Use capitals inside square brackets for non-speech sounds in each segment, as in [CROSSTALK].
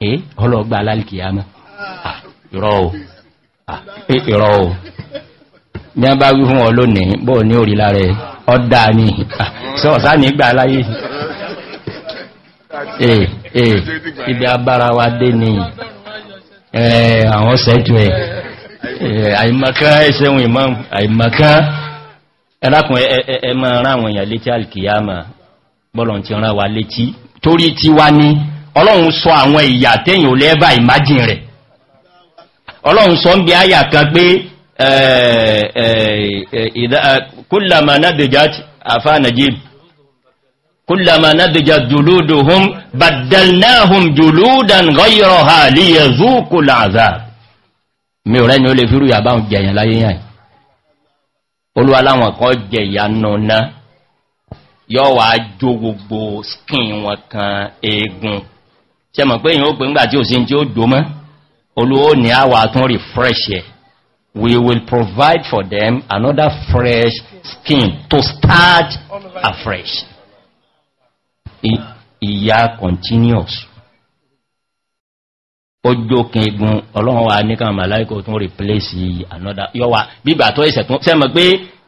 eh ọlọ́gbà alálìkìyàmá ìrọ̀ ah, o ní ah, eh, a bá wí fún ọ lónìí bọ́ ní orí lára ọdá ní ah, sọ́ọ̀sá ní gbà láyé eh eh ibi abára wa dé ní eh, àwọn sẹ́jù ẹ̀ eh, àìmọ̀ká ẹsẹ̀wọ̀n imam àìmọ̀ká ẹlákùn ẹmọ̀ rán àwọn èèyàn létí alìkìyàmá bọ́lọ̀ ti rán wa létí torí ti wá ní ọlọ́run sọ àwọn ìyà tẹ́yìn olè ẹ́bà ìmájìn rẹ̀ ọlọ́run sọ ń bí áyà kan pé kúlàmà nádìjá àfá nàíjí kúlàmà nádìjá jùlúdù hún bàdàlnáhùn jùlúdàn gọ́yọ̀rọ̀ ha líyẹ zúkú láàzá mi rẹ̀ ni ó lè fírú yà báhùn jẹyàn láyé yàn olúwa láwọn kan jẹyàn náà yọ́ wàá jó gbogbo skin wọn kan eegun ṣe mọ̀ pé èyàn ó pè ńgbà tí ò sí tí ó dòmọ́ olówó ní àwà tún refresh ẹ̀ we will provide for them another fresh skin to start afresh ìyá continuous ojókin igun ọlọ́run wa ní kan màláìkò tún replace another yọ́wà bígbà tó ẹ̀sẹ̀ tún sẹ́mọ̀ pé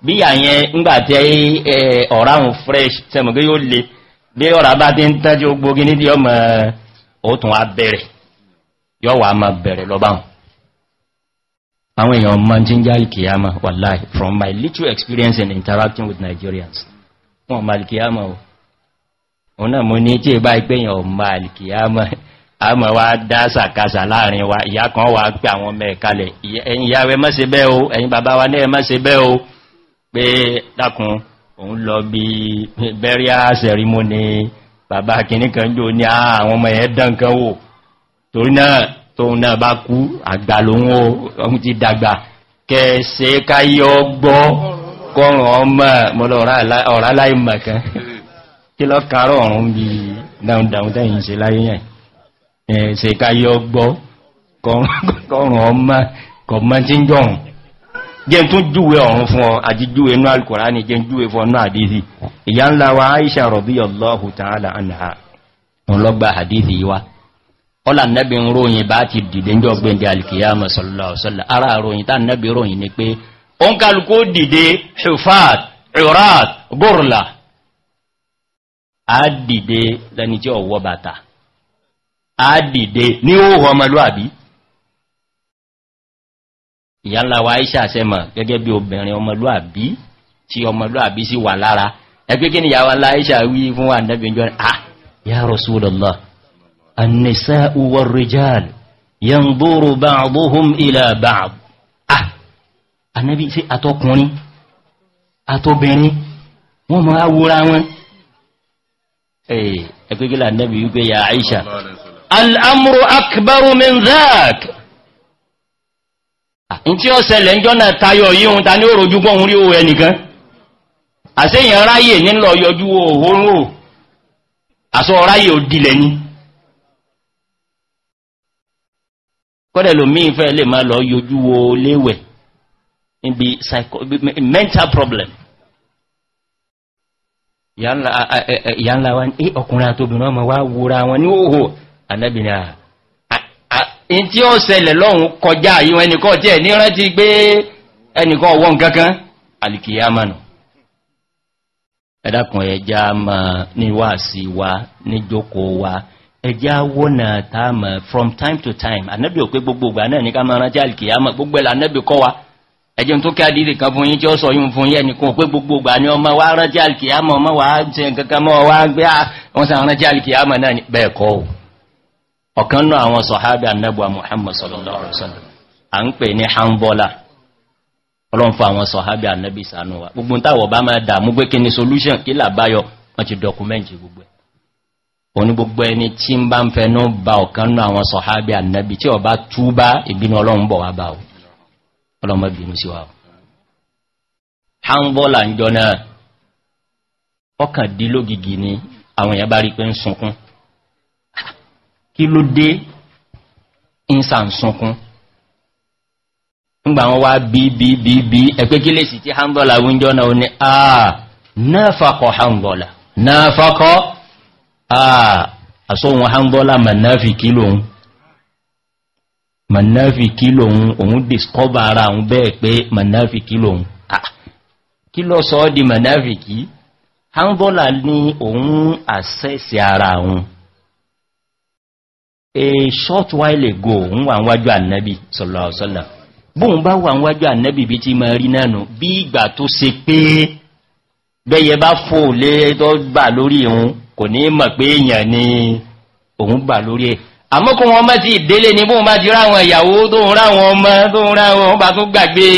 bí àyẹn ńgbàtẹ́ ọ̀ráhùn fresh sẹ́mọ̀ pé yóò le bí ọ̀rá bá ti ń tẹ́jú gbogbo gíní tí ọmọ ó tún wá bẹ̀rẹ̀ yọ́ wà máa bẹ̀rẹ̀ lọ́báhùn àwọn èèyàn ma ti ń jáàlì kìyàmà wàláì from my literal experience in interacting with nigerians wọ́n ma alìkìyàmà o òun náà mo ní tí ìbá ìpéyàn ò ma alìkìyàmà [LAUGHS] a mọ̀ wá dá sàkásà láàrin wa ìyá kan wà pé àwọn ọmọ ẹ̀kalẹ̀ ẹ̀yìn ìyá rẹ mọ́ sí bẹ́ o ẹ̀yìn bàbá wa náà mọ́ sí bẹ́ o pé dákun òun lọ bí bẹ́ríà ceremony bàbá kìníkan jò ní ah, àwọn ọmọ ẹ̀ẹ́dàn kan wò torí náà tóun náà bá kú àgbà lóhun ohun ti dàgbà kẹsẹ káyọ gbọ́ kọrùn ọmọ mọ́lọ ọ̀rá láì mọ̀kan [LAUGHS] kí lọ kàárọ̀ ọ̀run bí dáundáun tẹ́yìn ṣe láyé yẹn jẹ́ tún júwe ọ̀run fún ọ àti júwe inú alkùnrà ní jẹ́ júwe fún ọ̀nà àdízi ìyá ńlá wa aisha radiyallahu ta'ala anha ọlọ́gbà àdízi wa ọlá nẹ́bí ń ròyìn bá ti dìde ń jọ gbẹ̀ndẹ̀ alkiyama sallallahu sallallahu ara ròyìn tá nẹ́bí ròyìn ni pé ó ń kálukú dìde hufat ìyànlá wa aisha sẹ́mọ̀ gẹ́gẹ́ bí obìnrin ọmọlúàbí tí ọmọlúàbí sí wà lára ẹgbẹ́ kí ni yàwà aisha wí fún ànẹ́bìnjọ́ ah ya rasulallah annisa uwar rijal yan bóró báàbóhùn ilẹ̀ báàb ah anẹ́bí sí atọkùnrin atọbìnrin wọ́n mọ́ awúra wọn eh, ẹgbẹ́ kí ni ànẹ́bì wípé ya aisha al'amuru akbaru min zaak tí ó sẹlẹ̀ ń jọ́nà tayọ yíhun ta ní ó rojú gbọ́n rí owó ẹnìkan àṣẹ́yàn ráyè nílọ yọjú òhóró àṣọ ráyè ò dìlẹ̀ ní kọ́dẹ̀ lòmíì fẹ́ lè máa lọ yọjú wo léwẹ̀ níbi mental problem ìyá ńlá wa ní ọkùnrin àtòbìnrin wọn ní òhò in tí ó ṣẹlẹ̀ lọ́hun kọjá yíò ẹnìkan tí ẹ̀ ní rántí gbé ẹnìkan ọwọ́ nkankan alìkìyàmánu ẹ̀dàkùn ẹja ma níwà sí wa níjókò wa ẹja wọ́nà tààmà from time to time anẹ́bì òpé gbogbogbà náà ní ká máa rántí alìkìyàmá gbogbo ẹ̀lá anabi kọ́ wa ẹjẹ́ tó kí àdílì kan fún yín tí ó sọ yún fún yẹ́ nìkan pé gbogbogbà ní ọmọ wa rántí alìkìyàmá ọmọ wa jẹ́ nkankan mọ́ wa gbé àwọn sàn rántí alìkìyàmá náà bẹ́ẹ̀ kọ́ ọ̀kan náà àwọn sọ̀hábí annabuwa muhammad sallallahu alaihi wasallam a ń pè ní hanbola ọlọ́nfà àwọn sọ̀hábí annabi sanuwa gbogbo táwọ̀ bá máa dàmú pé kí ni solution kí làbáyọ wọ́n ti dọkumẹ́ntì gbogbo ẹ̀ òní gbogbo ẹni tí ń bá ń fẹnú ba ọ̀kan náà àwọn sọ̀hábí annabi tí ọba túbá ìbínú ọlọ́run bọ̀ wá bá o ọlọ́mọ bínú sí wa o hanbola ń jọ náà ọkàn dílógigi ni àwọn èèyàn bá rí pé ń sunkún kí ló dé ìsànsunkún nígbà wọn wá bí bí bí bí ẹgbẹ́ kí lè sì tí hanbọ́là wíjọ́ náà ní àà náà fakọ̀ hanbọ́là náà fakọ̀ àà àsọ́hun hanbọ́là mọ̀náfì kí lòun mọ̀náfì kí lòun òun discover ara òun bẹ́ẹ̀ pé mọ̀náfì kí lòun kí lọ sọ ọ́ di mọ̀náfì kí hanbọ́là ní òun àṣẹ́sì ara òun a short while ago ń wà wájú ànẹ́bì sọ̀lọ̀sọ̀lọ̀ bóun bá wà wájú ànẹ́bì bí ti máa rí nánu bí ìgbà tó se pé bẹ́yẹ bá fò lé tó bà lórí òun kò ní mọ̀ pé èèyàn ni òun bà lórí ẹ̀ àmọ́ wọn mọ́ ti ìdélé ni bóun bá ti ráwọn ìyàwó tó ń ráwọn ọmọ tó ń ráwọn ọba tó gbàgbé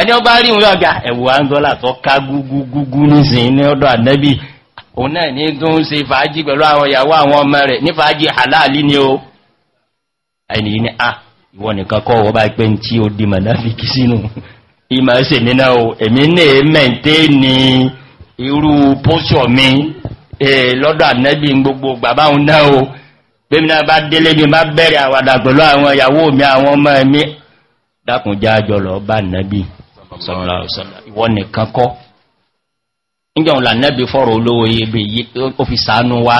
ẹni ọba rí òun yọ̀gá ẹ̀wọ̀ àńdọ́là tó ká gúgúgúgú nísìnyí ní ọdọ̀ ànẹ́bì òun náà ní tó ń ṣe fàájì pẹ̀lú àwọn ìyàwó àwọn ọmọ rẹ̀ ní fàájì àláàlì ni ó ẹni ní à ìwọ nìkan kọ́ wọ́n bá pẹ́ ń tí ó di mọ̀láfíkì sínú ìmọ̀ ẹ̀sẹ̀ nínà o èmi náà mẹ́ǹtẹ́ ni irú pọ́ṣọ̀ mi lọ́dọ̀ ànẹ́bí gbogbo gbàbáhùn náà o bẹ́mi náà bá délé mi bá bẹ̀rẹ̀ àwàdà pẹ̀lú àwọn ìyàwó mi àwọn ọmọ mi dákùnjá jọ lọ bá ànẹ́bí sọ̀rọ̀ níjọ́ òun lànẹ́bí fọ́rọ̀ olówó ebe ó fi sàánú wá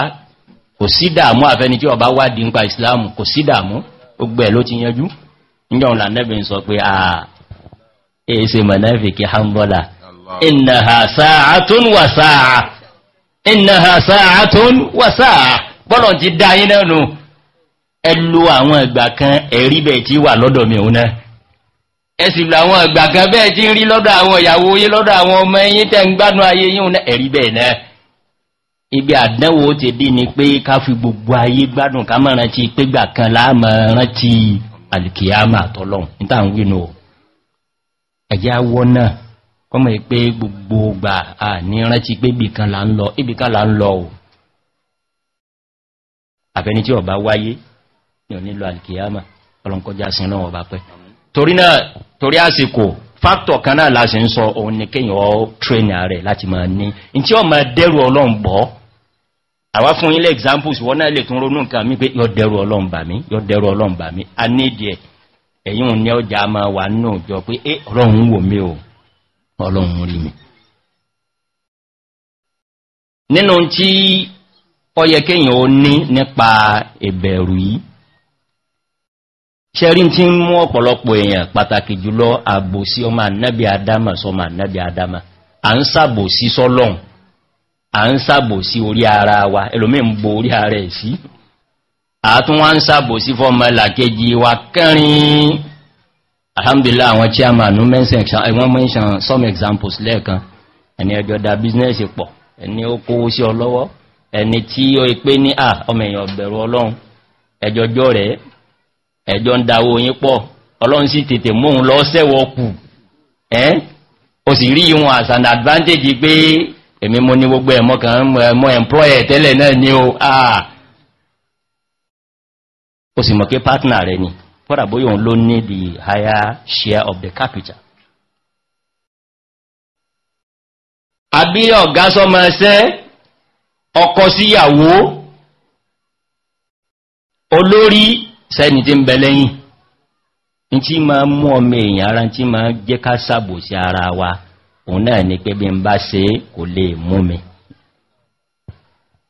kò sí dàmú àfẹ́ni tí ọba wádìí nípa ìsìláàmù kò sí dàmú ó gbẹ̀ ló ti yanjú níjọ́ òun lànẹ́bí sọ pé àà èsè mọ̀nẹ́fìkì hambola ìnàhà sáàtún wà sáà ìnàhà sáàtún wà sáà bọ́lọ̀ ti dá yín náà nù mi òun náà ẹ̀sì àwọn àgbàkan bẹ́ẹ̀ tí ń rí lọ́dọ̀ àwọn ìyàwó yí lọ́dọ̀ àwọn ọmọ ẹ̀yìn tẹ́ ń gbádùn ayé yíhun ẹ̀rí bẹ́ẹ̀ náà ibi àdánwò ti dí ni pé ká fi gbogbo ayé gbádùn ká mọ̀ rántí pégbà kan láàmà rántí alìkìyàmà àtọ́lọ́hun níta ń wínú o ẹ̀jẹ̀ awọ́ náà kọ́mọ̀ pé gbogbo gbà à ní rántí pé ibì kan là ń lọ ibì kan là ń lọ o àfẹni tí ọba wáyé ní ò nílò alìkìyàmà ọlọ́nkọjá sin náà ọba pẹ́ torí náà torí àsìkò fáktọ̀ kan náà láti ń sọ òun ní kíyàn ọ́ tréní ààrẹ láti máa ní in tí ó máa dẹ́rù ọlọ́run bọ́ àwá fún ilé examples wọ́n náà lè tún ronú nǹkan mi pé yọ dẹ́rù ọlọ́run bà mí yọ dẹ́rù ọlọ́run bà mí a ní ìdí ẹ̀ èyí ò ní ọjà máa wà nínú ìjọ pé é ọlọ́run wò mí o ọlọ́run rí mi nínú tí ó yẹ kéyàn ó ní nípa ìbẹ̀rù yìí ṣẹ́rí tí ń mú ọ̀pọ̀lọpọ̀ èèyàn pàtàkì jùlọ àbòsí ọmọ ànábì adama sọmọ ànábì adama à ń sàbòsí sọ́lọ́n à ń sàbòsí orí ara wa ẹlòmí ń bo orí ara ẹ̀ sí àtún wá ń sàbòsí fọ́mọ làkejì wa kẹrin alhamdulillah àwọn chairman wọ́n mention eh, some examples lẹ́ẹ̀kan ẹni ẹjọ́ da business pọ̀ ẹni ó kówó sí ọlọ́wọ́ ẹni tí ó pé ní à ọmọ èèyàn ọ̀bẹ̀rù ọlọ́run ẹjọ́jọ́ rẹ̀ ẹjọ́ ń dáwó yín pọ̀ ọlọ́run sì tètè móhun lọ sẹ́wọ̀ kù ẹ́ o sì rí ìwọn as an advantage pé èmi mo ní gbogbo ẹ̀mọ́ kan mọ́ employer tẹ́lẹ̀ náà ni o ah o sì mọ̀ pé partner rẹ̀ ni kọ́dà bóyá òun ló ní the higher share of the capital àbí ọ̀gá sọmọ ẹsẹ́ ọkọ síyàwó olórí sẹ́ni tí ń bẹ lẹ́yìn in tí ma mú ọmọ èèyàn ara tí ma jẹ́ ká sàbò sí ara wa òun náà ni pé bí n bá ṣe kò lè mú mi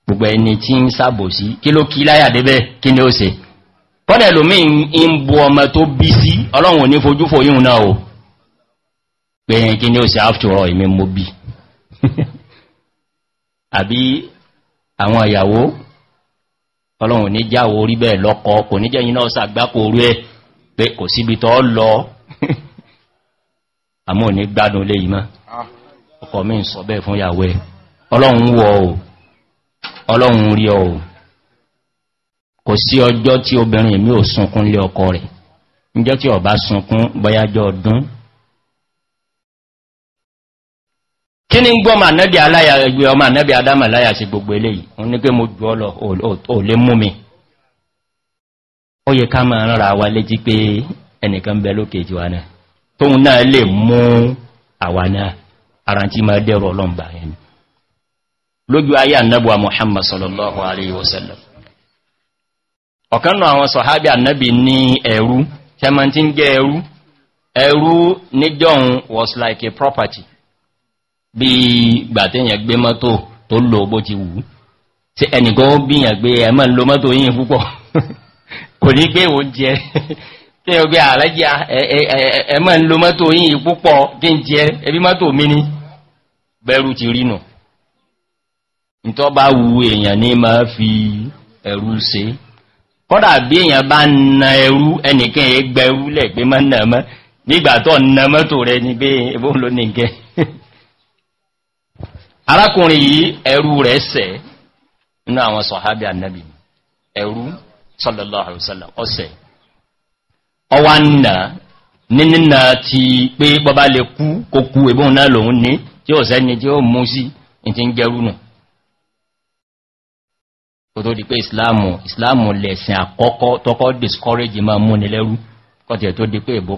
gbogbo ẹni tí ń sàbò sí kí ló kí láyà débẹ̀ kí ni ó se kọ́dẹ̀ lómi ń bu ọmọ tó bí sí ọlọ́run ní fojú fò náà o pé kí ni ó se after ìmí mo bí [LAUGHS] àbí àwọn ìyàwó ọlọ́run ní jáwò orí bẹ́ẹ̀ lọ́kọ́ kò ní jẹ́ iná sàgbákò orí ẹ̀ pé kò síbi tọ́ lọ [LAUGHS] àmọ́ ní gbádùn lè yìí má ọkọ̀ mi ń sọ bẹ́ẹ̀ fún yàwó ẹ̀ ọlọ́run wọ o ọlọ́run rí ọ o kò sí ọjọ́ tí obìnrin mi ò sunkún lé ọkọ rẹ̀ níjọ́ tí ọba sunkún bọ́yájọ́ ọdún kí ní gbọ́ ma nẹ́bí aláyà ẹgbẹ́ ọmọ nẹ́bí adámà láyà sí gbogbo eléyìí o ní pé mo jù ọ lọ ò lè mú mi ó yẹ ká máa rárá wa léjí pé ẹnìkan bẹ lókè jù wa tóun náà lè mú àwa ara tí máa ọlọ́mbà ẹni lójú ayé annabuwa muhammad sallallahu alaihi àwọn sọ̀hábí annabi ní ẹ̀rú tẹ́mọ̀ tí ń was like a property bí gbàtẹ́yàn gbé mọ́tò tó lò bó ti wù tí ẹnìkan bíyàn gbé ẹmọ́ ń lo mọ́tò yìí púpọ̀ [LAUGHS] kò ní pé òun jẹ tí [LAUGHS] ó gbé àlẹ́jẹ́ ẹmọ́ ń lo mọ́tò yìí púpọ̀ kí n jẹ ẹbí mọ́tò mi ní bẹ̀rù ti rí nù nítọ́ bá wu èèyàn ní ma fi ẹ̀rú ṣe kọ́dà nà mọ́tò rẹ ni pé ebó ń lo nìkẹ́ arákùnrin yìí ẹ̀rú rẹ̀ sẹ̀ nínú àwọn sọ̀hábí annabi ẹ̀rú sallallahu alaihi wasallam ọ̀sẹ̀ ọwá nà ní nínà ti pé bọ́bá lè kú kó kú ebóhun náà lòun ní tí ó sẹ́ni tí ó mú sí ìtí ń jẹrú nù kò tó di pé islamu islamu lẹ̀sìn àkọ́kọ́ tọ́kọ́ discourage ma múnilẹ́rú kọ́tẹ̀ tó di pé ìbò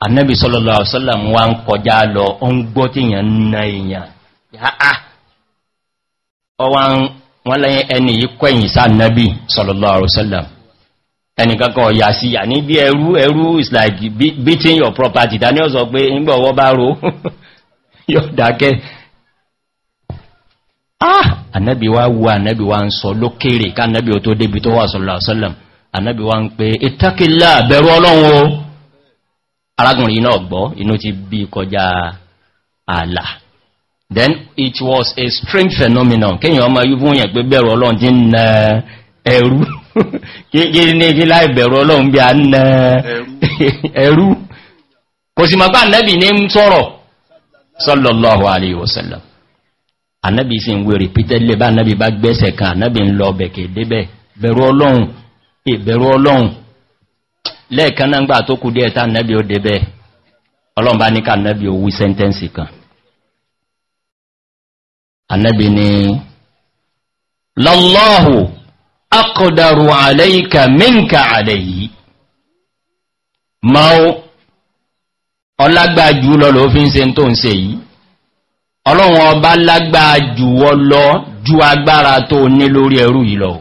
annabi sallallahu alaihi wasallam wa ń kọjá lọ ó ń gbọ́ tí èèyàn na èèyàn yáá ọwá ah! wọn lẹ́yìn ẹni yìí kọ́yìn sá annabi sallallahu alaihi wasallam ẹnìkankan ọ̀yà sí yà ní bí ẹrú ẹrú is like beating your property daniel sọ pé nígbà ọwọ́ bá ro [LAUGHS] yóò dákẹ́ ah annabi wa wu annabi wa ń sọ lókèrè ká annabi ó tó débi tó wà sallallahu alaihi wasallam annabi wa ń pé ìtàkìlá bẹ̀rù ọlọ́run o arákùnrin náà gbọ́ inú ti bí kọjá ààlà then it was a strange phenomenon kíyàn ọmọ yí fún yẹn pé bẹ̀rù ọlọ́run ti ń na ẹ̀rú [LAUGHS] kí ní kí láì bẹ̀rù ọlọ́run bí a ń na [LAUGHS] ẹ̀rú kò sì mọ̀pá ànẹ́bì ní ń sọ́rọ̀ sallallahu alayhi wa sallam ànẹ́bì sì ń wé repeatedly bá ànẹ́bì bá gbẹ́sẹ̀ kan ànẹ́bì ń lọ bẹ̀kẹ̀ débẹ̀ bẹ̀rù ọlọ́run lẹ́ẹ̀kan náà gbà tó kú díẹ̀ tá nẹ́bí ó débẹ̀ ọlọ́mbá ní ká nẹ́bí ó wí sẹ́ntẹ́nsì kan anẹ́bí ni lọ́lọ́hù akọ̀dàrù àlẹ́yìká mínkà àlẹ́yìí máa ọlágbàájú lọ ló fi ń se tó ń se yìí ọlọ́run ọba lágbàájú wọ ju agbára tó ní lórí ẹrù yìí lọ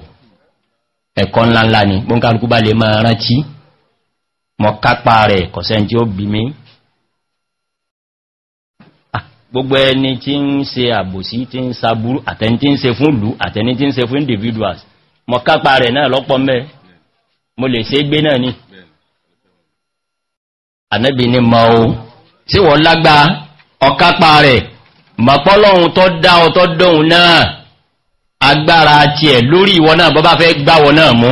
ẹ̀kọ́ ńláńlá ni gbọ́nkálukú bá lè máa rántí mọ̀ kápá rẹ̀ kọ̀sẹ́ tí ó bí mi ah, gbogbo ẹni tí ń se àbòsí tí ń sàbúrú àtẹni tí ń se fún ìlú àtẹni tí ń se fún individuals mọ̀ kápá rẹ̀ náà lọ́pọ̀ mẹ́ mo lè ṣe gbé náà ni ànẹ́bì ni mọ̀ o tí wọ́n lágbà ọkápá rẹ̀ mọ̀pọ́lọ́hun tó dá ọ tó dóhun náà agbára tiẹ̀ lórí ìwọ náà bọ́ fẹ́ gbáwọ náà mú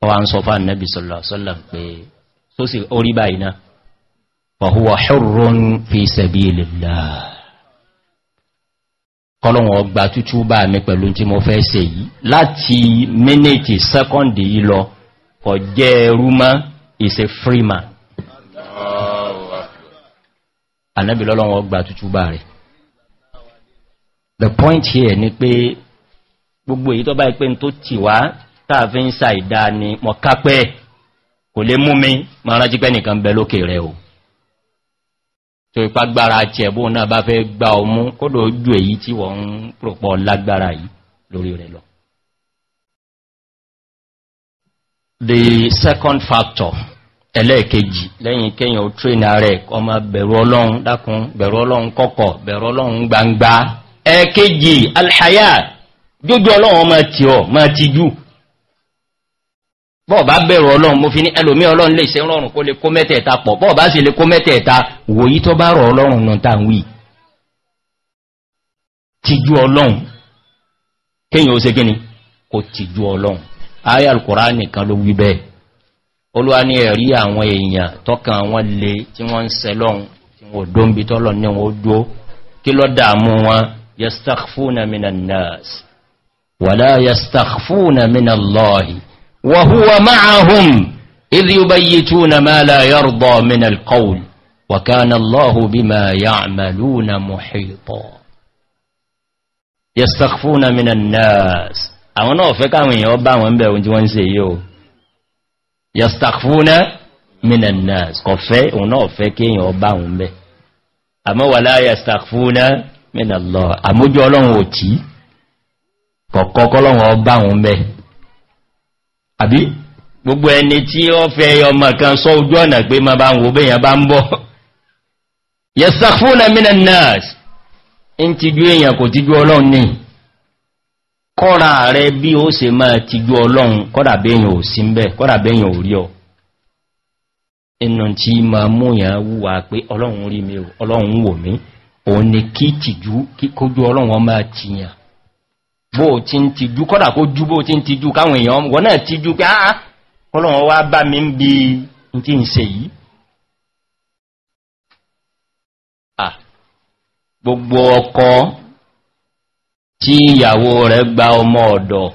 wọ́n wá ń sọ fáà nẹ́bí sọ́lọ̀sọ́lọ̀ pé tó sì orí báyìí náà fọ̀húwà ṣọ́rọ̀n fi sẹ̀bí ilẹ̀lá kọlọ̀wọ̀n ọgbà tútù bá mi pẹ̀lú tí mo fẹ́ se yìí láti mínítì sẹ́kọ́ndì yìí lọ kọ̀ jẹ́ rúmọ́ ìse fríma the point here ni pé gbogbo èyí tó bá ipé tó tì táà fi ń sa ìdá ni mọ̀ kápẹ́ kò lè mú mi ma rántí pẹ́ nìkan bẹ lókè rẹ̀ o tó ipá gbára tiẹ̀ bó náà bá fẹ́ gba ọmú kódò ojú èyí tí wọ́n ń pòpọ̀ lágbára yìí lórí rẹ̀ lọ the second factor ẹlẹ́ẹ̀kejì lẹ́yìn kéyàn ó train ààrẹ ọmọ bẹ̀rù ọlọ́run dákun bẹ̀rù ọlọ́run kọ́kọ̀ bẹ̀rù ọlọ́run gbangba ẹ̀ẹ̀kejì alhaya jójú ọlọ́run ọmọ tí ọ ma ti jú bọ́ọ̀bá bẹ̀rù ọlọ́run mo fi ní ẹlòmí ọlọ́run lè ṣe rọrùn kó lè kó mẹ́tẹ̀ẹ̀ta pọ̀ bọ́ọ̀bá sì lè kó mẹ́tẹ̀ẹ̀ta wòyí tó bá rọ̀ ọlọ́run náà tàn wí tìjú ọlọ́run kíyàn ó se gíní kò tìjú ọlọ́run ayé alkùnrá nìkan ló wí bẹ́ẹ̀ olúwa ní ẹ̀rí àwọn èèyàn tọ́kàn àwọn lè tí wọ́n ń sẹ lọ́run tí وهو معهم إذ يبيتون ما لا يرضى من القول وكان الله بما يعملون محيطا يستخفون من الناس àwọn náà fẹ́ káwọn èèyàn bá wọn bẹ̀ ohun tí wọ́n ń se yíò yastakfuna minanas kò fẹ́ òun náà fẹ́ kí èèyàn bá wọn bẹ̀ àmọ́ wà láà yastakfuna minallah àmójú ọlọ́run ò tí kọ̀kọ́ kọ́lọ́run ọ bá wọn bẹ̀ àbí gbogbo ẹni tí ó fẹ́ ọmọ kan sọ ojú ọ̀nà pé ma bá ń wo bẹ́yàn bá ń bọ́ yẹsàfúnà mínà nurse ń tijú èèyàn kò tijú ọlọ́run ní kọ́ra rẹ bí ó se máa tijú ọlọ́run kọ́dà bẹ́yàn ò sí mbẹ́ kọ́dà bẹ́yàn ò rí ọ inú tí ma múyàn wúwa pé ọlọ́run rí mi ọlọ́run wò mí òun ni kí tìjú kíkójú ọlọ́run ọmọ àtìyàn bó ti ń tijú kọ́dà kó jú bó ti ń tijú káwọn èèyàn wọ́n náà tijú pé áá ah, ọlọ́run wá bá mi ń bí n tí ń se yìí gbogbo ọkọ tí ìyàwó rẹ̀ gba ọmọ ọ̀dọ̀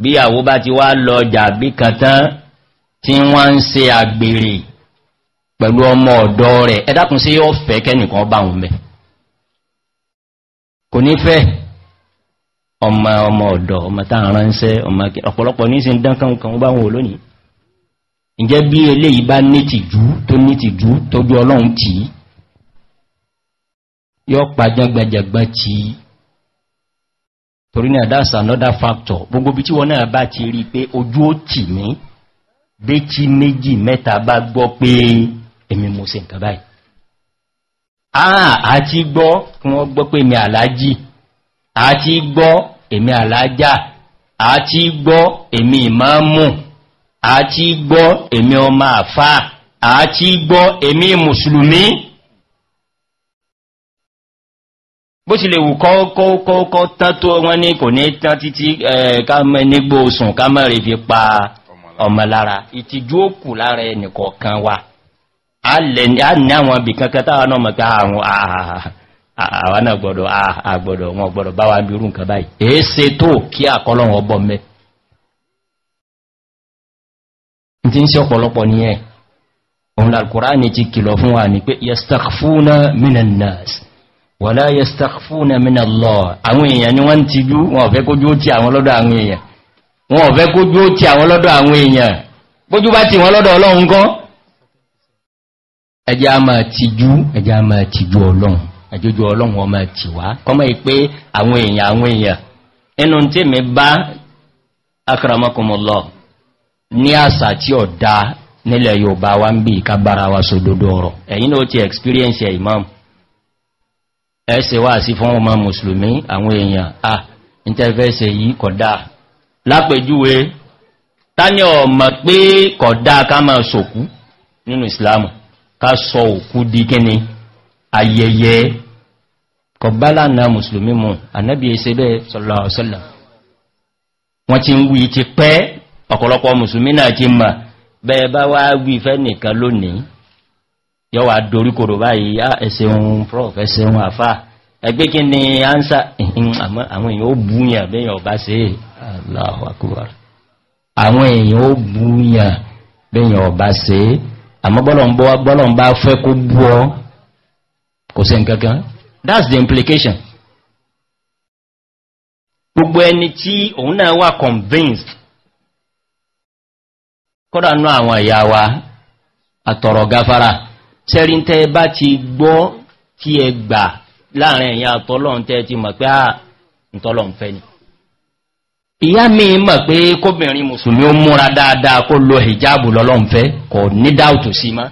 bí ìyàwó bá ti wá lọ jàbí kàtán tí wọ́n ń se àgbèrè pẹ̀lú ọmọ ọ̀dọ̀ rẹ̀ ẹ̀dàkùn sí ọ̀fẹ́ kẹ́nìkan bá wọn mẹ́ kò ní fẹ́ ọmọ ọmọ ọ̀dọ̀ ọmọ táà ránṣẹ́ ọmọ ọ̀pọ̀lọpọ̀ ní sí dánkan kan bá wọn olónìí ǹjẹ́ bí eléyìí bá ní tìjú tó ní tìjú tójú ọlọ́run tí yọ pàjángbàjàgbà tí torí náà that's another factor gbogbo bí tí wọ́n náà bá ti rí pé ojú ó tì mí dé tí méjì mẹ́ta bá gbọ́ pé èmi mo se nǹkan báyìí àti ah, gbọ́ kí wọ́n gbọ́ pé mi àlájì àti gbọ́ èmi àlájá àti gbọ́ èmi ìmáàmù àti gbọ́ èmi ọmọ àfá àti gbọ́ èmi mùsùlùmí bó ti lè wù kọ́kọ́kọ́ tán tó wọ́n ní kò ní tán títí káàmẹ́ nígbò sùn káàmẹ́ rẹ̀ fi pa ọmọ lára ìtìjú ó lára ẹnìkọ̀ọ̀kan wa a ní àwọn ibì kankan táwọn náà mọ̀ àwọn àhàhà àwọn náà gbọ́dọ̀ àgbọ̀dọ̀ wọn gbọ́dọ̀ bá wa bí irú nǹkan báyìí èé ṣe tó kí àkọlọ́wọ̀n ọbọ̀ mẹ́ tí ń ṣe ọ̀pọ̀lọpọ̀ ní ẹ̀ òun alkùránì ti kìlọ̀ fún wa ní pé yastakfuna minanas ni wọ́n ti jú wọn ọ̀fẹ́ kójú ó ti àwọn lọ́dọ̀ àwọn èèyàn wọn ọ̀fẹ́ kójú ó ti àwọn lọ́dọ̀ àwọn èèyàn bójú bá ti wọn lọ́dọ̀ ọlọ́run kan ẹjá máa ti jú ẹjá máa ti àjójú ọlọ́run ọmọ tì wá kọmọ ìpé àwọn èèyàn àwọn èèyàn inú tí mi bá akramakumullah ní àṣà tí ó dá nílẹ̀ Yorùbá wá ń bí ìkábára wa sódódó ọ̀rọ̀ ẹ̀yìn náà ti experience ẹ̀ imam ẹ̀ẹ́sẹ̀ wá sí fún ọmọ mùsùlùmí àwọn èèyàn à ìtẹ́fẹ́ẹ̀sẹ̀ yìí kódà lápẹjúwe tání ọmọ pé kódà ká máa sòkú nínú ìsìlámù ká sọ òkú di kíni ayẹyẹ kọ̀bálànà musulmi mu anábi ẹsẹ bẹ́ sọ̀lọ̀sọ̀lọ̀ wọ́n ti ń wí ti pẹ́ musulmi náà ti mọ̀ bẹ́ẹ̀ bá wá wí fẹ́ nìkan lónìí yọ́ wà doríkòrò báyìí ah, ẹsẹ̀ ohun prof ẹsẹ̀ ohun ẹgbẹ́ kí ni ánsà àwọn èèyàn ó búyàn ọba sí àwọn èèyàn ó ọba sí àmọ́ bọ́lọ̀ ń bá fẹ́ kó kò sí nǹkankan that's the implication gbogbo ẹni tí òun náà wà convinced kọ́dà náà àwọn ẹ̀yà wa àtọ̀rọ̀ gáfárà sẹ́rin tẹ́ bá ti gbọ́ tí ẹ gbà láàrin ẹ̀yà àtọ́lọ́n tẹ́ ti mọ̀ pé à ah, ntọ́lọ́n fẹ́ ni ìyá mi mọ̀ pé kóbìnrin mùsùlùmí ó múra dáadáa kó lo hijabu lọ́lọ́n kò ní dáùtù sí mọ́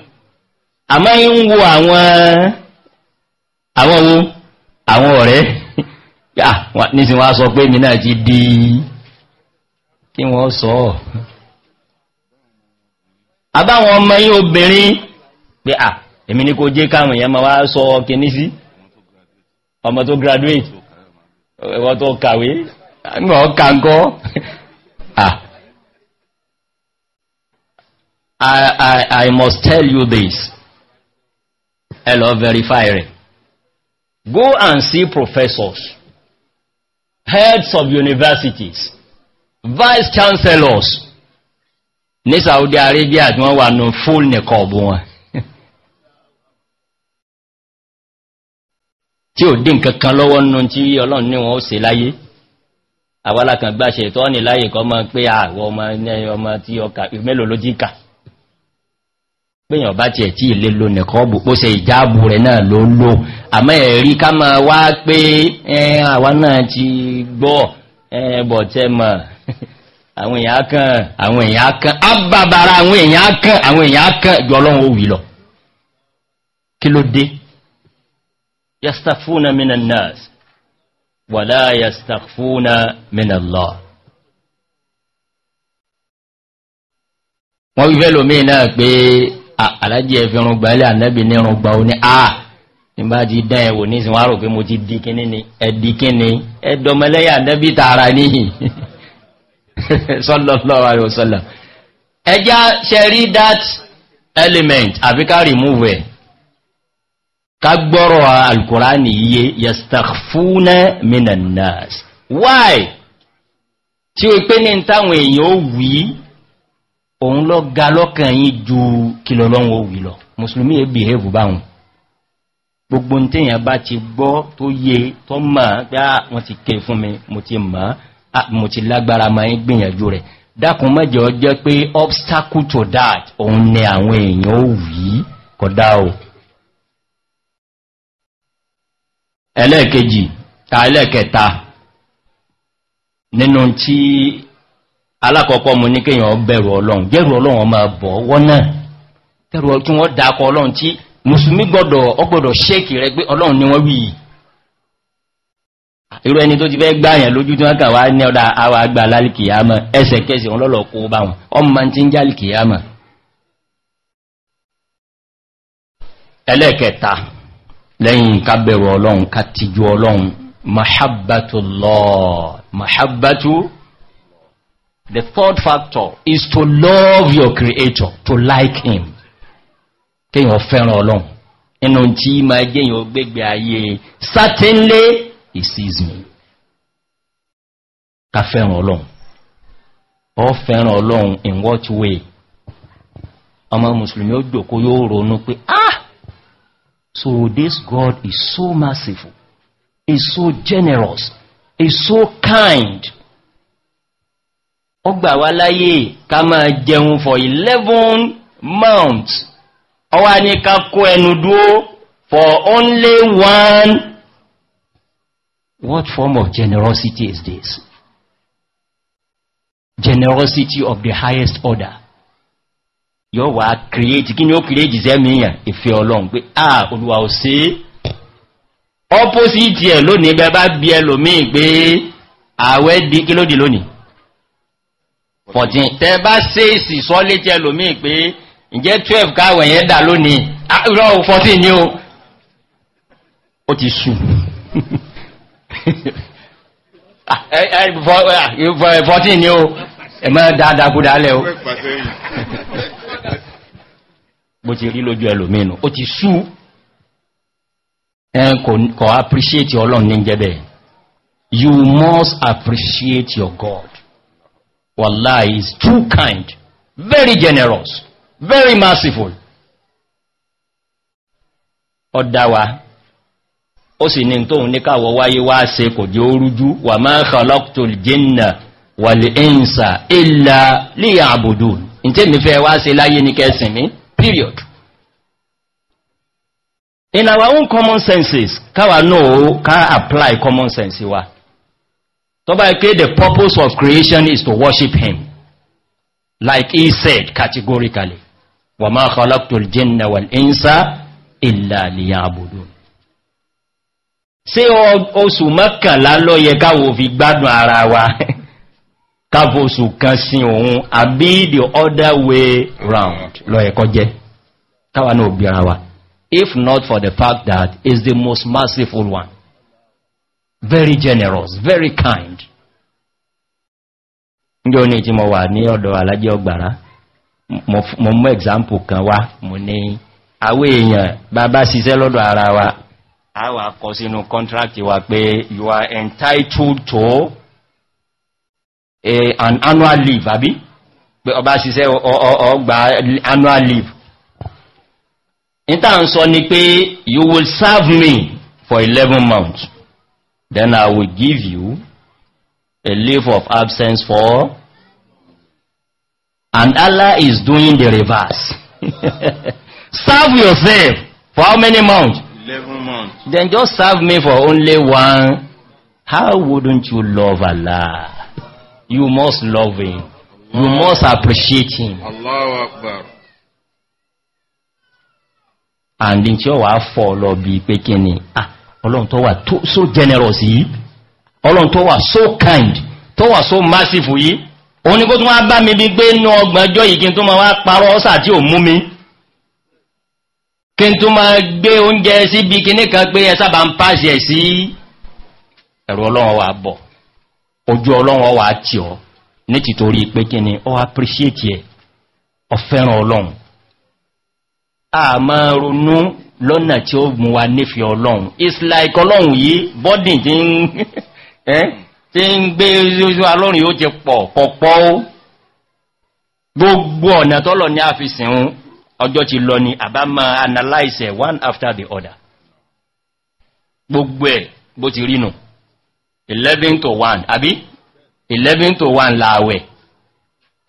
àmọ́ ń wo àwọn àwọn owó àwọn ọ̀rẹ́ yà [LAUGHS] nísìn ah, wọ́n sọ pé mi náà ti di kí wọ́n sọ ọ̀ àbáwọn ọmọ yí obìnrin pé à ah, èmi ní kò jẹ́ káwọn èèyàn ma wá sọ kìíní sí ọmọ tó graduate ẹwọ́n tó kàwé ńgbà ọkà ńkọ́ [LAUGHS] ah. I, I, I must tell you this. Hello, verify it. Go and see professors, heads of universities, vice chancellors ní Saudi Arabia tí wọ́n wà ní full nìkan ọ̀bù wọn. Tí ò dín kankan lọ́wọ́ nínú tí Ọlọ́run ní wọn ó ṣe láyé. Àwọ́lá kan gbáṣẹ̀ tó ní láyé kọ́ mọ́ pé àwọn ọmọ tí ọkà mélòó ló jí kà. gbìyàn bá ti ẹ̀tí ilé ló nìkan bù pó se ìjáàbù rẹ̀ náà ló ló àmọ́ ẹ̀rí ká ma wá pé àwa náà ti gbọ́ ẹ̀bọ̀ tẹ́ mọ̀ [LAUGHS] àwọn èèyàn kan àwọn èèyàn kan ábàbàrà àwọn èèyàn kan àwọn èèyàn kan ọlọ́run ó wì lọ kí ló dé yastafuna minan nas wàlá yastafuna mina lọ wọ́n wífẹ́ lómi náà pé alájí ẹ̀fẹ́ rọgbà ilẹ̀ ànẹ́bì ní rọgbà ó ní àà ní bá ti dán ẹ̀wò ní ìsìn wárò pé mo ti di kíní ni ẹ̀dì kíní ẹ̀dọ̀mọlẹ́yà ànẹ́bì tààrà níhì [LAUGHS] sọ́lọ́lọ́wà tí ó pé ní táwọn èèyàn ó wí òun lọ ga lọ́kàn yí ju kìlọ̀lọ́wọ́ òwì lọ musulmi è bí èèvù báhùn gbogbo tíyàn bá ti gbọ́ tó yé tó mọ̀ pé à ah, wọ́n ti ké fún mi mo ti mọ̀ ah, mo ti lágbára ma ń gbìyànjú rẹ̀ dákun mẹ́jọ jẹ́ pé obstacle to that òun ni àwọn èèyàn ó wí kọ̀dá o ẹlẹ́ẹ̀kejì ta ẹlẹ́ẹ̀kẹta nínú tí alákọ̀ọ́kọ́ mo ní kéèyàn bẹ̀rù ọlọ́run jẹ́rù ọlọ́run ọmọ bọ̀ wọ́n náà tẹ́rù kí wọ́n dákọ ọlọ́run tí mùsùlùmí gbọ́dọ̀ ọgbọ́dọ̀ ṣéèkì rẹ pé ọlọ́run ni wọ́n wí yìí irú ẹni tó ti fẹ́ gbáyàn lójú tí wọ́n kà wá ní The third factor is to love your creator, to like him. Kéyàn fẹ́ràn Ọlọ́run. Inú tí máa jẹ́yàn gbégbé ayé, certainly he sees me. Ká fẹ́ràn Ọlọ́run. Ọ fẹ́ràn Ọlọ́run in what way? Ọmọ Mùsùlùmí ó jòkó yóò ronú pé, ah! So this God is so merciful, is so generous, is so kind ó gbà wá láyé ká máa jẹun for 11 months ó wá ní ká kó ẹnu dúó for only one what form of generosity is this generosity of the highest order yóò wá create kí ni ó create zẹ́mìíyàn ìfẹ́ ọlọ́run pé ah olúwa ò sí opposite ẹ̀ lónìí bẹ́ bá bí ẹlòmíì pé àwẹ́ di kí ló di lónìí 14 tẹ bá sèèsì sọ létí ẹlòmíì pé ǹjẹ́ 12 káwẹ̀ yẹn dà lónìí ah, rọ 14 ni o ó ti sù [LAUGHS] ah, fourteen ni o ẹ mọ́ dáadáa kú dálẹ̀ o [LAUGHS] bó ti rí lójú ẹlòmínú ó ti sú kò appreciate ọlọ́run ní jẹ́bẹ̀ you must appreciate your God Wallah is too kind, very generous, very merciful. Ọ̀dá wa, ó sì ní tóhun ní káwọ wáyé wá ṣe kò jẹ́ orújú wà máa kọlọ́pùtò jẹ́nà wà lè ẹ́nsà ìlà lè àbòdó. Ìtẹ́ mi fẹ́ wá ṣe láyé ní kẹsìn mi, period. In our own common senses, káwà náà ká apply common sense wa tọ́bá ike the purpose of creation is to worship him like he said categorically wà máa kọlọ́pùtò jẹ́nà wà ìnsá ìlà lìyà àbòdó sí oṣù mọ́kànlá lọ́yẹ káwò fi gbádùn ara wa [LAUGHS] káfò oṣù kan sí òun àbí the other way round lọ́yẹ kọjẹ́ káwà náà bí ara wa if not for the fact that is the most merciful one very generous very kind ndí ó ní tí mo wà ní ọ̀dọ̀ alájẹ́ ọgbàrá mo mọ́ example kan wá mo ni àwé èèyàn bàbá síṣẹ́ lọ́dọ̀ ara wa a wà kọ sínú contract wa pé you are entitled to a, an annual leave àbí pé ọba o ọgbà annual leave níta ń sọ ni pé you will serve me for 11 months then I will give you a leave of absence for. And Allah is doing the reverse. [LAUGHS] serve yourself for how many months? 11 months. Then just serve me for only one. How wouldn't you love Allah? You must love Him. You must appreciate Him. Allahu Akbar. And in your fall or be picking Ah, ọlọ́run tó wà so generous yìí ọlọ́run tó wà so kind tó wà so massive yìí òun ni kó tún wá bá mi bí gbé inú ọgbọ̀njọ́ yìí kí n tó máa wá parọ́ ọ́sà tí ò mú mi kí n tó máa gbé oúnjẹ síbi kíní kan pé ẹ sábà ń pàṣẹ ẹ̀ sí ẹ̀rọ ọlọ́run wà bọ̀ ojú ọlọ́run wà tì ọ́ ní pé kí ni ọ appreciate ẹ̀ ọ fẹ́ràn ọlọ́run a máa ronú lọ́nà tí ó mú wa nífẹ́ ọlọ́run it's like ọlọ́run yìí bọ́dìn tí ń [LAUGHS] tí ń gbé oṣù alọ́rin ó ti pọ̀ pọ̀pọ̀ ó gbogbo ọ̀nà tọ́lọ̀ ní àfisìn ọjọ́ ti lọ ni àbá ma analyze one after the other gbogbo ẹ̀ bó ti rí nù 11 to 1 àbí 11 to 1 láàwẹ̀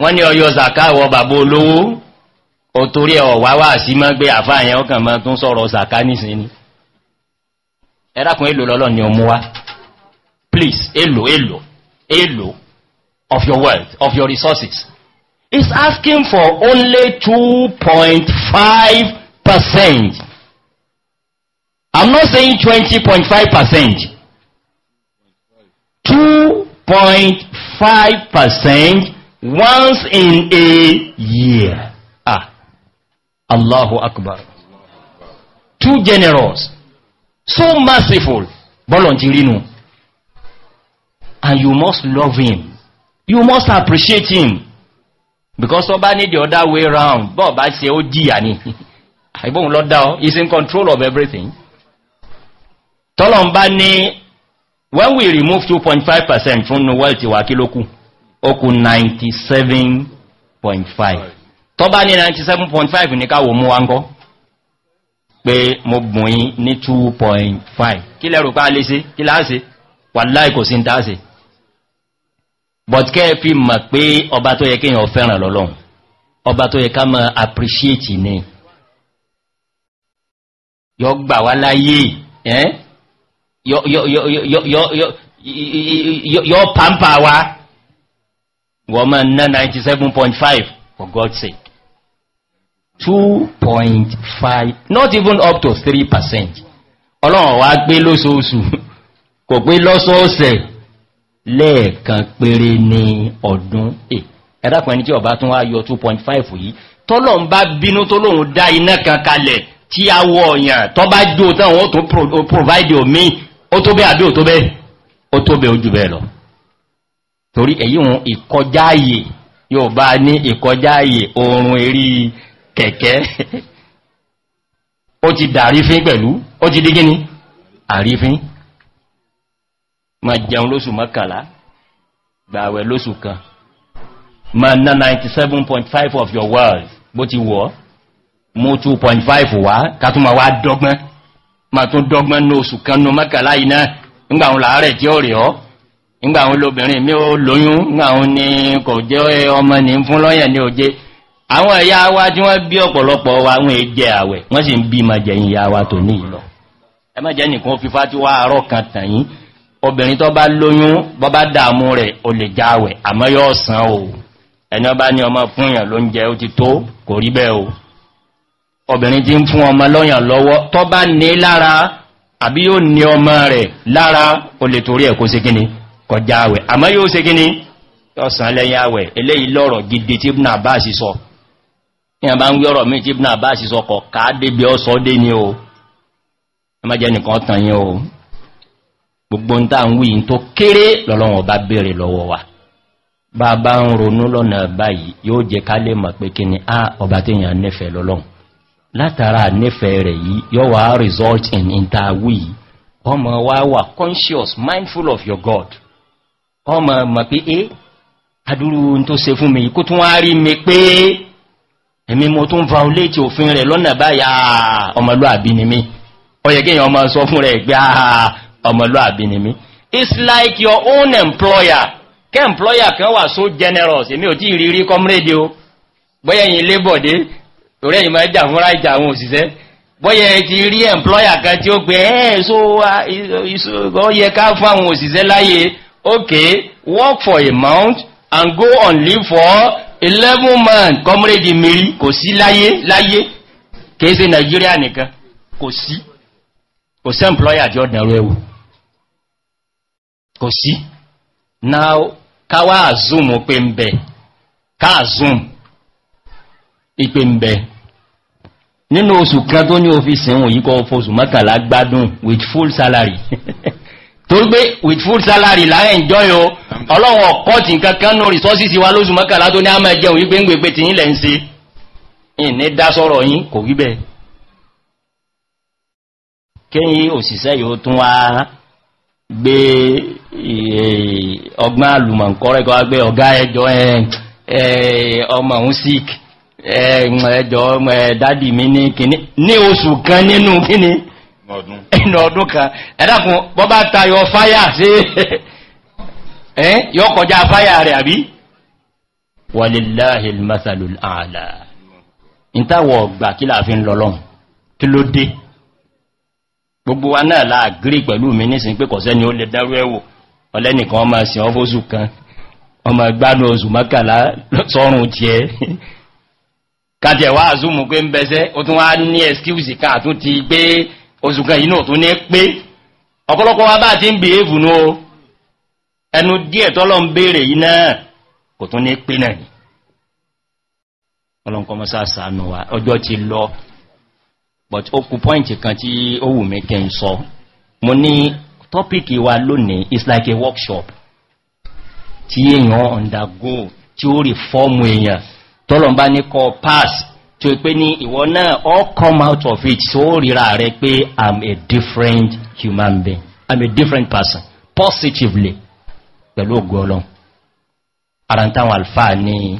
wọ́n ní ọyọ́ zakawọ bàbá olówó o torí ẹ̀ wá wá sí máa gbé àfáàyàn ọkàn máa tún sọ̀rọ̀ sàká nísìn ni ẹ̀rákùn èlò lọ́lọ́ ni ọmọ wá please èlò èlò èlò of your wealth of your resources is asking for only 2.5 percent i'm not saying 20.5 percent 2.5 percent once in a year Allahu Akbar. Too generous. So merciful. Bọ́lọ̀ ti And you must love him. You must appreciate him. Because ọba ní the other way round. Bọ́ bá ṣe ó jíyà ní. [LAUGHS] Àìbóhun lọ dá ọ. He's in control of everything. Tọ́lọ̀n ní when we remove 2.5% the wealth wa kí ló kù? Ó kù 97.5 tọ́ bá ní 97.5 ní káwò mú wa ń gọ́ pé mo bùn yí ní 2.5 kí lẹ́rù pa lè ṣe kí láàṣe wà láì kò sí ń dáṣe but kẹ́ fi mọ̀ pé ọba tó yẹ kéèyàn fẹ́ràn lọ́lọ́run ọba tó yẹ ká mọ̀ appreciate ní yọ gbà wá láyé yọ pàmpà wá wọ́n mọ̀ ná 97.5 for god's sake 2.5 not even up to 3 percent ọlọ́run wá gbé lóṣooṣù kò pé lọ́sọ́ọ̀sẹ̀ lẹ́ẹ̀kan péré ní ọdún e ẹ̀dàkùn ẹni tí ọba tún wá yọ 2.5 yìí tọ́lọ̀ ń bá bínú tó lóun dá iná kan kalẹ̀ tí a wọ ọ̀yàn tọ́ bá jó táwọn ó tún provide me ó tó bẹ́ àbí ò tó bẹ́ ó tó bẹ́ ojú bẹ́ lọ torí èyí wọn ìkọjáàyè yóò bá ní ìkọjáàyè oorun erí kẹ̀kẹ́ ó ti dàrífín pẹ̀lú ó ti dígíní àrífín ma jẹun lóṣù mọ́kànlá gbàwẹ̀ lóṣù kan ma na 97.5 of your wealth bó ti wọ́ mú 2.5 wá kátúnmà wá dọ́gbọ́n ma tún dọ́gbọ́n ní oṣù kan ní mọ́kànlá iná nígbàun làárẹ̀ tí ó rí ọ́ nígbàun lóbìnrin mi ó lóyún nígbàun ni kò jẹ́ ọmọ ní fún lọ́yẹ̀ ní òjé àwọn ẹ̀yà wa tí wọ́n bí ọ̀pọ̀lọpọ̀ wa wọ́n è jẹ àwẹ̀ wọ́n sì ń bí ma jẹ ìyà wa tó ní ìlọ ẹ má jẹ́ nìkan fi fájú wá àárọ̀ kan tàyín obìnrin tó bá lóyún bọ́ bá dààmú rẹ̀ o lè já àwẹ̀ àmọ́ yóò san o ẹni ọba ní ọmọ fún yàn ló ń jẹ ó ti tó kò rí bẹ́ẹ̀ o obìnrin tí ń fún ọmọ lọ́yàn lọ́wọ́ tó bá ní lára àbí yóò ní ọmọ rẹ̀ lára o lè torí ẹ̀ kó ṣe kíni kọjá àwẹ̀ àmọ́ yóò ṣe kíni yóò lẹ́yìn àwẹ̀ eléyìí lọ́rọ̀ gidi tí ibùnà sì sọ so. ìyàn bá ń gbọ́rọ̀ mí tí ibùnà bá sì sọkọ̀ káàdé bí ọ́sọ́ dé ní o ẹmọ́jẹ́ nìkan tàn yí o gbogbo ń tàà ń wí tó kéré lọ́lọ́wọ́ bá bèèrè lọ́wọ́ wa bá bá ń ronú lọ́nà báyìí yóò jẹ ká lè mọ̀ pé a ọba tí èèyàn nífẹ̀ẹ́ lọ́lọ́run látara nífẹ̀ẹ́ rẹ̀ yìí yóò wá result in interwi ọmọ wa wà conscious mindful of your god ọmọ mọ̀ pé adúrú tó ṣe èmi mo tún violate òfin rẹ̀ lọ́nà báyà ọmọlúàbí ni mí ọyẹ̀gẹ́yàn ọmọ sọ fún rẹ̀ pé ọmọlúàbí ni mí it's like your own employer kẹ́ employer kan wà so generous èmi ò tí ìrírí comrade o bọ́yẹ̀yìn laborde orí ẹ̀yìn máa jà fúnra ìjà àwọn òṣìṣẹ́ bọ́yẹ̀ ti rí employer kan tí ó pé ẹ́ so ọyẹ ká fún àwọn òṣìṣẹ́ láyé okay work for a month and go on leave for eleven man comrade miri kò sí láyé láyé kìí ṣe nàìjíríà nìkan kò sí kò sí employer àti ọ̀dàn rẹ̀wò kò sí now káwà zoom pé ń bẹ̀ káà zoom ìpé ń bẹ̀ nínú oṣù kan tó ní ọ́fíìsì ìwọ̀n yíkọ́ fóṣù mọ́kànlá gbádùn with full salary [LAUGHS] torí pé with full salary láyé enjoy o ọlọ́run ọ̀kọ́ tí nǹkan kan nù resources wa lóṣù mọ́kànlá tó ní àmà ẹjẹun wípé ń gbègbè tí yín lẹ́ ń se ìní dá sọ́rọ̀ yín kò wí bẹ́ẹ̀ kéyìn òṣìṣẹ́ yóò tún wá gbé ọgbọ́n àlùmọ̀ǹkọ́rẹ́ kọ́ gbé ọ̀gá ẹjọ́ ọmọ òun sick ẹjọ́ dádì mi ní kíní ní oṣù kan nínú kíní [LAUGHS] ẹnu ọdún kan ẹ̀dàkùn bọ́ bá tayọ fáyà sí [LAUGHS] ẹ́ yọ kọjá fáyà rẹ̀ àbí wàlìláhìl masalul ààlà ìtawọ̀ ọgbà kí láàfin lọ́lọ́m kí ló dé gbogbo wa náà láà gírí pẹ̀lú mi nísìn pé kọ̀sẹ́ni ó lè dárú ẹ̀wò ọlẹ́nìkan ọmọ sí ọfóṣù kan ọmọ gbádùn oṣù mọ́kànlá sọ́rùn jẹ́ [LAUGHS] kájẹ̀wá àzúmù pé ń bẹ́sẹ́ ó tún wá ní ẹ̀skíwùsì káà tún ti oṣù kan tó ní pé ọ̀pọ̀lọpọ̀ wa bá ti ń bèé fùnú o ẹnu díẹ̀ tọ́lọ̀ ń béèrè yìí náà kò tún ní pé náà ni ọlọ́nkọ́ mọ́sá sàánù wa ọjọ́ ti lọ but ó kù pọ́ìntì kan tí ó wù mí kí n sọ mo ní tọ́pìkì wa lónìí is like a workshop tí èèyàn undergo tí ó rí fọ́ọ̀mù èèyàn tọ́lọ̀ ń bá ní kọ pass tó pé ní ìwọ náà all come out of it so ó ríra rẹ pé i'm a different human being i'm a different person positively pẹ̀lú ògùn ọlọ́run ara ń táwọn alfa ní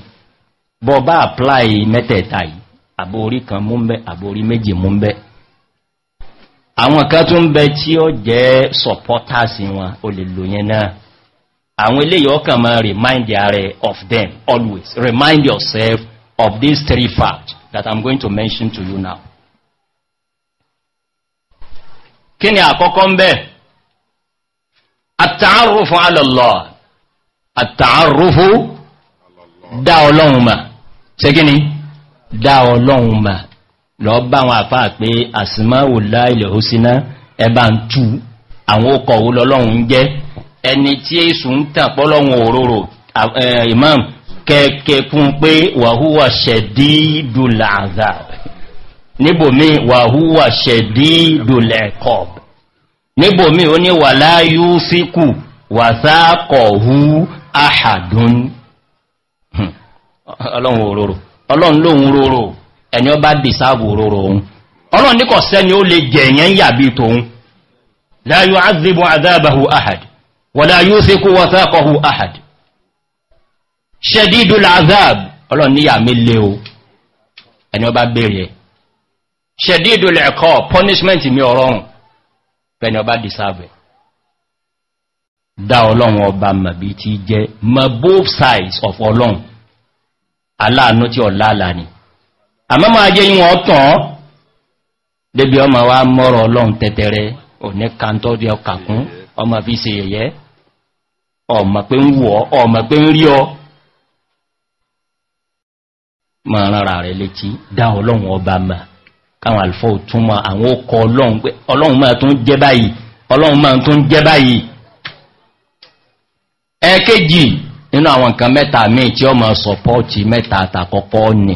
bọ́ bá apply mẹ́tẹ̀ẹ̀ta yìí àbò orí kan mú mẹ́ àbò orí méjì mú mẹ́ àwọn kan tún bẹ tí ó jẹ́ supporters wọn o lè lò yẹn náà àwọn eléyìí ọkàn máa remind ara of them always remind yourself of these three facts that I'm going to mention to you now. Kí ni àkọ́kọ́ ń bẹ́? Àtàárùfù alọ́lọ́, àtàárùfù dá ọlọ́run mà. Ṣé kí ni? Dá ọlọ́run mà. Lọ bá wọn àfáà pé àsìmáwò láìlẹ̀ ó síná ẹbá ń tú àwọn ọkọ̀ òun lọ́lọ́run jẹ́ ẹni tí èsù ń tàn pọ́lọ́run òróró imam kẹ́ẹ̀kẹ́ kún pé wàhúwà shadidul azab níbòmí wàhúwà shadidul iqab níbòmí ó ní wala yusiku wasaqahu ahadun hmm. ọlọ́run òróró ọlọ́run lóhun róró ẹni ọba dìsáàbò òróró ohun ọlọ́run ní kò sẹ́ni ó lè jẹ̀yẹn yàbí tòun la yu'adhibu adhabahu ahad wala yusiku wasaqahu ahad ṣẹ́dídù làzáàb ọlọ́run níyà mi lé o ẹni ọba béèrè ṣẹ́dídù lẹ́kọ́ punishment mi ọ̀rọ̀rùn fẹ́ni ọba deserve dá ọlọ́run ọba màbí ti jẹ́ ma both sides of ọlọ́run aláàánú tí ọ̀lá àlà ni àmọ́ máa jẹ́ ìwọ̀n tán débi ọmọ wa mọ́rọ̀ ọlọ́run tẹ́tẹ́rẹ́ òní kàntọ́ bí ọkàkún ọmọ fi ṣe yẹ̀yẹ́ ọmọ pé ń wọ́ ọmọ pé ń rí ọ ma rárá rẹ̀ létí dá ọlọ́run ọba ma káwọn àlùfọ́ òtúnmọ̀ àwọn ọkọ̀ ọlọ́run pé ọlọ́run máa tún jẹ́ báyìí ọlọ́run máa tún jẹ́ báyìí ẹ̀kejì nínú àwọn nǹkan mẹ́ta míì tí ó máa sọpọ́ọ̀tì mẹ́ta àtàkọ́kọ́ ni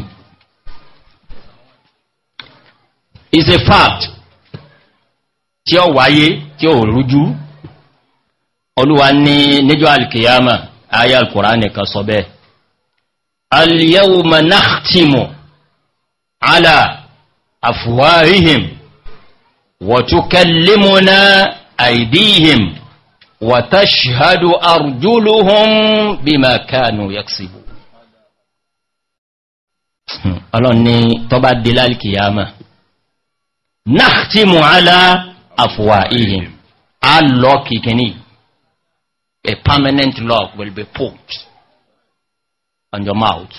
is a fact tí ó wáyé tí ó rújú olúwa ní níjọ́ alkiyama ayé alkùránì kan sọ bẹ́ẹ̀ اليوم نختم على أفواههم وتكلمنا أيديهم وتشهد أرجلهم بما كانوا يكسبون ọlọ́run ni tó bá dé lálìkìyàmà náàtìmù alá àfòwà ihìn a lọ a permanent law will be put on your mouth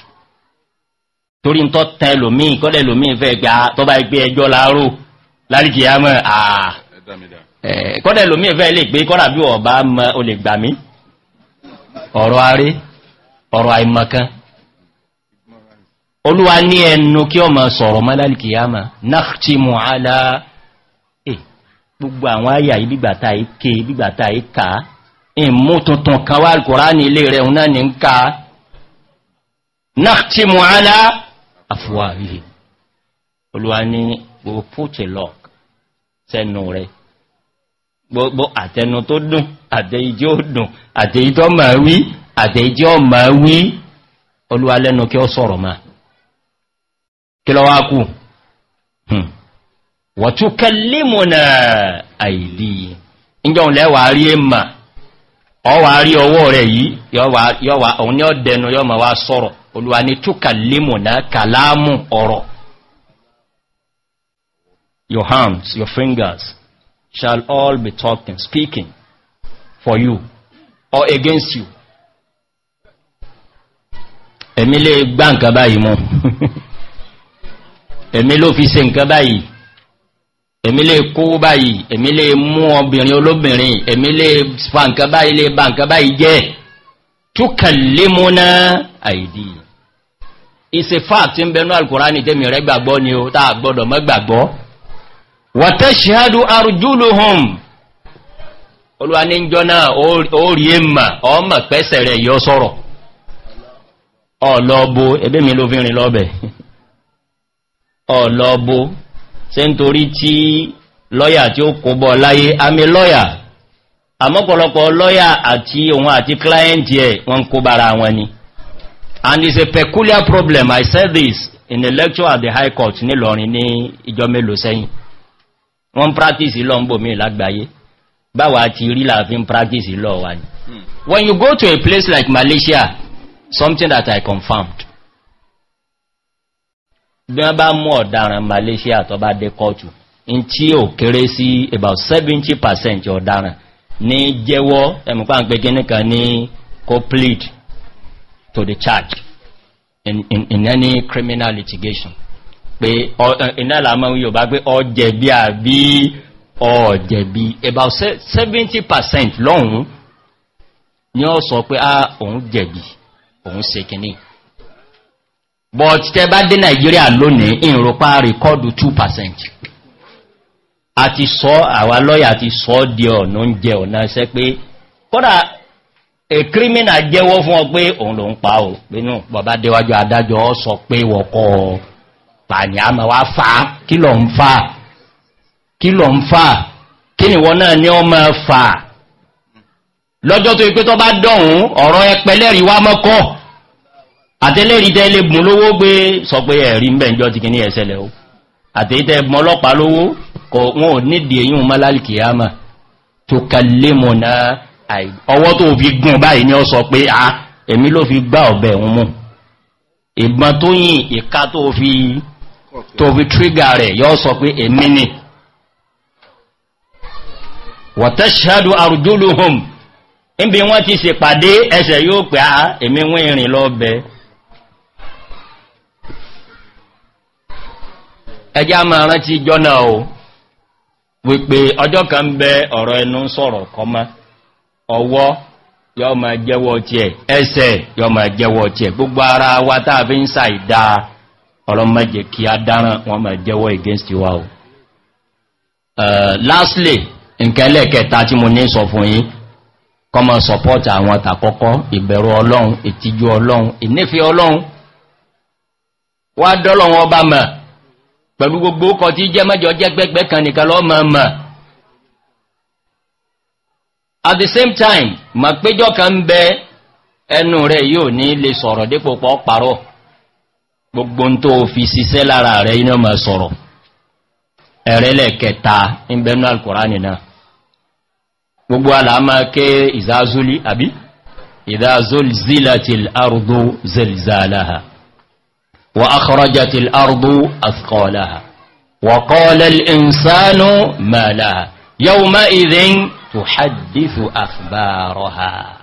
torí ń tọ́ tẹ lòmíì kọ́lẹ̀ lòmíì fẹ́ gba tó bá gbé ẹjọ́ láàárọ̀ lálìkì yá mọ́ àà kọ́lẹ̀ lòmíì fẹ́ lè gbé kọ́lá bí ọba mọ́ o lè gbà mí ọ̀rọ̀ aré ọ̀rọ̀ àìmọ̀kan olúwa ní ẹnu kí ọmọ sọ̀rọ̀ mọ́ lálìkì yá mọ́ náàtìmù alá eh, gbogbo àwọn àyà yìí bígbàtà ike bígbàtà ìka ìmú tuntun kan wà kùránì ilé rẹ̀ òun náà ní ń nakhtimu ala afwahihim olúwa ní we put a lock sẹ́nu rẹ̀ gbogbo àtẹnu tó dùn àtẹ̀yíjẹ́ ó dùn àtẹ̀yíjẹ́ ọmọ wí àtẹ̀yíjẹ́ ọmọ wí olúwa lẹ́nu kí ó sọ̀rọ̀ máa kí lọ wá kú wọ̀tú kẹlímọ̀nà àìdí ìjọ lẹ́wà rí èmà ọwà rí ọwọ́ rẹ̀ yìí yọ́wà òun ni ó dẹnu ma wá sọ̀rọ̀ olùwà ni túkà límùná kàlámù ọ̀rọ̀ your hands your fingers shall all be talking speaking for you or against you èmi lè gbá nǹkan báyìí mọ́ èmi [LAUGHS] ló fi se nǹkan báyìí èmi lè kó báyìí èmi lè mú obìnrin olóbìnrin èmi lè fa nǹkan báyìí lè ba nǹkan báyìí jẹ́ túkà límùná àìdíyà ìse fàtí ń bẹnú alkùránì tẹ́mì rẹ̀ gbàgbọ́ ni ó tàà gbọ́dọ̀ mọ́ gbàgbọ́ wọ́tẹ́ ṣíhádù arjúlùhùn olúwa ní jọ náà ó rí èmà ọmọ pẹ́sẹ̀ rẹ̀ yọ sọ́rọ̀ ọ̀lọ́bo ebé mi ló fínrin lọ́bẹ̀ ọ̀lọ́bo ṣe ń torí tí lọ́yà tí ó kó bọ́ láyé amé lọ́yà àmọ́pọ̀lọpọ̀ lọ́yà àti òun àti kíláyẹ̀ntì ẹ̀ wọ́n kó bára wọn ni and it's a peculiar problem i said this in a lecture at the high court ní lọrin ní ìjọ mélòó sẹ́yìn wọ́n practice lọ ń bò mí lágbàáyé báwa ti rí láàfin practice lọ wà ní when you go to a place like malaysia something that i confirmed bí wọ́n bá mú ọ̀daràn malaysia tó bá dé kọ́ọ̀tù in tí ò kéré sí about 70 percent ọ̀daràn ní jẹ́wọ́ ẹ̀mùpá ń pè kíníkan ní coplete to the charge in, in, in any criminal litigation pé iná làmọ́ yóò bá pé ọjẹ̀bí àbí ọjẹ̀bí about 70% lọ́hun ni ó so pé ah òun jẹ̀bí òun ṣe kìíní but tẹ bá dé nigeria lónìí ìrọ̀pá rẹ̀kọ́dù 2% a ti sọ àwa lọ́yà ti sọ di ọ̀nà oúnjẹ ọ̀nà ṣẹ́ pé kódà kírímìnà jẹ́wọ́ fún ọ pé òun lòun pa ò pínú bọ̀bá déwájú adájọ́ ọ sọ pé wọ́kọ́ pàní àmà wá fa kí lọ ń fa kí lọ ń fa kí ni wọ́n náà ní ọmọ fa lọ́jọ́ tó ipé tó bá dọ̀hún ọ̀rọ̀ ẹpẹlẹ́rìí wá mọ́kọ́ àtẹlẹ́rìí tẹ́ lè bùn lówó gbé sọ pé ẹ̀rí ń bẹ̀ǹjọ́ ti kìíní ẹ̀sẹ̀lẹ̀ o àtẹ̀yítẹ́ mọ́ ọlọ́pàá lówó kò wọ́n ò nídìí eyín mọ́lálìkìyàmà tó kàlémọ̀ náà ọwọ́ tó fi gùn báyìí ni ó sọ pé a ah, èmi ló fi gbá ọ̀bẹ̀ òun mú ìbọn tó yìn ìka tó fi tó fi trígà rẹ̀ yọ́ sọ pé èmi ni wọ̀tẹ́ṣẹ́dù àrùjúlùhùn níbi wọ́n ti se pàdé ẹsẹ̀ yóò pẹ́ a ah, èmi wọ́n ìrìn lọ bẹ ẹjá ma rántí jọ́nà o wípé ọjọ́ kan bẹ ọ̀rọ̀ ẹnu sọ̀rọ̀ kọ́mọ́ ọwọ́ yọ ma jẹ́wọ́ ti ẹ̀ ẹsẹ̀ yọ ma jẹ́wọ́ ti ẹ̀ gbogbo ara wa táà fi ń sa ìdá ọlọ́mọ́jẹ kí a dáràn wọn ma jẹ́wọ́ against wa o lastly nǹkan lẹ́ẹ̀kẹta tí mo ní sọ fún yí kọmọ support àwọn tàkọ́kọ́ ìbẹ̀rù ọlọ́run ìtìjú ọlọ́run ìnífẹ́ ọlọ́run wá dọ́lọ́run ọba mọ̀ pẹ̀lú gbogbo kọ tí jẹ́ mẹ́jọ jẹ́ gbẹ́gbẹ́ kan nìkan lọ́mọ mọ̀ at the same time ma péjọ́ kan ń bẹ ẹnu rẹ̀ yóò ní lè sọ̀rọ̀ dípò pọ̀ parọ́ gbogbo tó fi ṣiṣẹ́ lára rẹ̀ iná ma sọ̀rọ̀ ẹ̀rẹ́lẹ̀ kẹta ń bẹnu alkùránì náà gbogbo alàmà ké ìzázúlí àbí ìzázúlzílàtìl ardu zelzalaha wa tuhadithu akhbaraha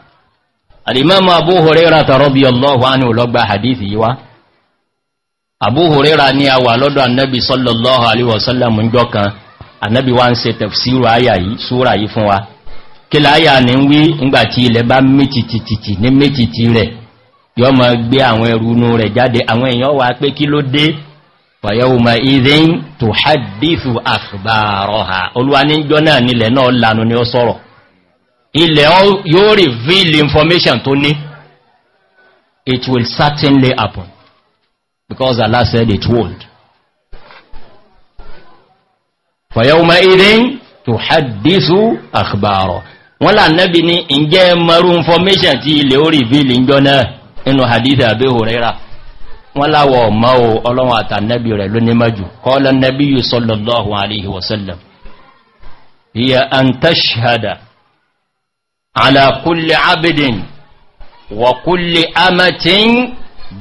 alimamu abu huraira ta rọ́bí allahu anu lọ́gba hadithi yiwa abu huraira ni a wà lọ́dọ̀ annabi sallallahu alaihi wasallam jọ kan annabi wa ń se tafsiru aya yìí súra yìí fún wa kí láyà ní wí ngbàtí ilẹ̀ bá méjìtìtìtì ní méjìtì rẹ̀ yọ́ ma gbé àwọn ẹrù inú rẹ̀ jáde àwọn èèyàn wà pé kí fàyẹ̀wòmà ìdín tó hadithu àfibàrọ̀ ha olúwa ní jọ náà nílẹ̀ náà lànà ni ó sọ́rọ̀ ilẹ̀ yóò reveal information tó ní it will certainly happen because Allah said it would fàyẹ̀wòmà ìdín tó hadithu àfibàrọ̀ wọ́n là nẹ́bi ní ìjẹ́ mẹ́rún information tí ilẹ̀ ó reveal ìjọ náà inú hadith àbí horera wọ́n láwọ̀ ọ̀mọ́ o ọlọ́run àtànẹ́bì rẹ̀ ló nímọ̀jù kọ́lọ̀ nẹ́bí yìí sọ́lọ̀lọ́hùn àríhì wọ̀sẹ́lẹ̀m yíya an tashhada ala kulli abidin wa kulli amatin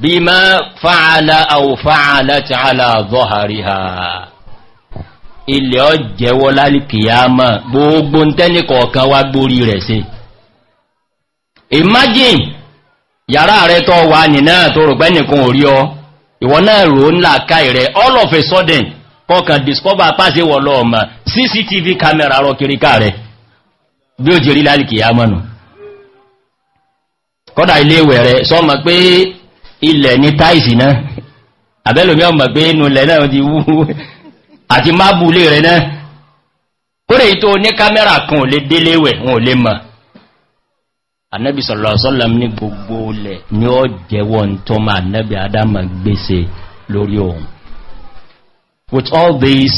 bima fa'ala aw fa'alati ala dhahriha ilẹ̀ ọjẹ́wọ́ imagine yàrá rẹ tọ́ wà ní náà tó rò pẹ́nìkan orí ọ ìwọ náà rò ká all of a sudden kọkàn discover pàṣẹ wọ lọ ọmọ cctv camera rọ rẹ bí ó jẹrí lálìkì ya mọ́nu kọ́dà iléèwẹ̀ rẹ sọmọ pé ilẹ̀ ní táìsì náà àbẹ́lòmí ọmọ pé inú ilẹ̀ náà ti wú àti mábùlé rẹ náà kó lè ní kámẹ́rà kan ò lè déléwẹ̀ wọn ò lè mọ̀ annabi sallallahu ní gbogbo olè ní ọ jẹ́wọ́ tó ma annabi adama gbèsè lórí ohun with all these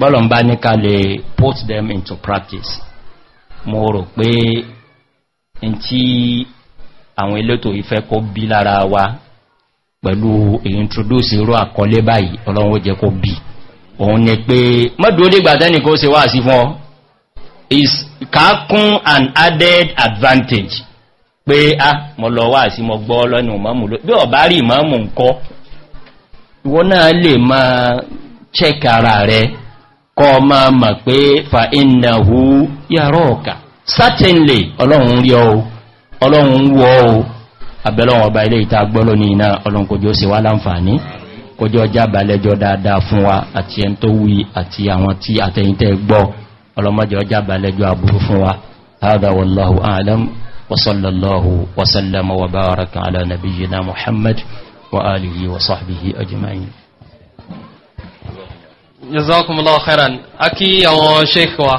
bọ́lọ̀mbá ní ká lè put them into practice mo rò pé in tí àwọn elétò ìfẹ́ kó bí lára wa pẹ̀lú introduce irú àkọlé báyìí ọlọ́run ó jẹ́ kó bí òun ni pé mọ́dúnlẹ́gbàtẹ́nì kó se wá sí fún ọ is kakun an added advantage pé a ah, mọ̀ lọ wá sí mọ̀ gbọ́ lọ́nà ìmọ̀mù ló bí ọ̀bá rí ìmọ̀mù ń kọ́ ìwọ́n náà lè máa check ara rẹ kọ́ máa mọ̀ pé fa ìnàhú yàrá ọ̀kà certainly ọlọ́run rí ọ ọlọ́run wọ́ ọ abẹ́lọ́run ọba ilé ìta gbọ́lọ́ ní iná ọlọ́run kò jọ sí wá láǹfààní kò jọ jábàlẹ́jọ́ dáadáa fún wa àti ẹni tó wí àti àwọn tí àtẹ̀yìntẹ́ gbọ́ ọlọ́mọdé ọjá balẹ́jọ́ àbúrú fún wa hádà wàláhù alam wasallallahu wasallama wa baraka ala nabiyyina muhammad wa alihi wa sahbihi ajma'in jazakumullahu khairan aki àwọn sheikh wa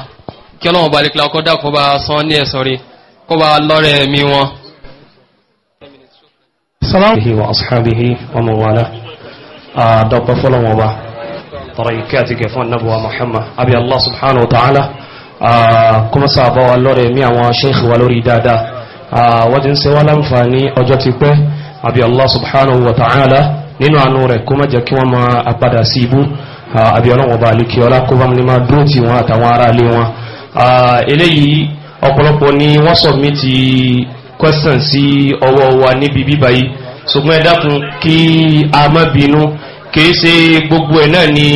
kí ọlọ́run bá lékìlá kó dákó bá san ní ẹ̀sọ́ rí kó bá lọ́rẹ̀ mi wọn salamu wa ashabihi wa mawala a dọ́pẹ́ fọ́lọ́wọ́ ba tọrọ ìkẹ́àtìkẹ́ fún annabuwa muhammad abi allah subhanahu wa ta'ala ah, kuma sábà wa lọ́rẹ̀ mi àwọn sheikh wa lórí dáadáa ah, wọ́n ti ń ṣe wá láǹfààní ọjọ́ ti pẹ́ abi allah subhanahu wa ta'ala nínú àánú rẹ̀ kó má jẹ́ kí wọ́n máa apadà sí ibú abi ah, ọlọ́wọ́ bá lè kí ọlá kó bá ní dúró ti wọn àtàwọn ará ilé wọn eléyìí ọ̀pọ̀lọpọ̀ ni wọ́n sọ mi ti question sí ọwọ́ wa níbi bíbáyìí ṣùgbọ́n ẹ dákun kí a má bínú kìí ṣe gbogbo ẹ̀ náà ni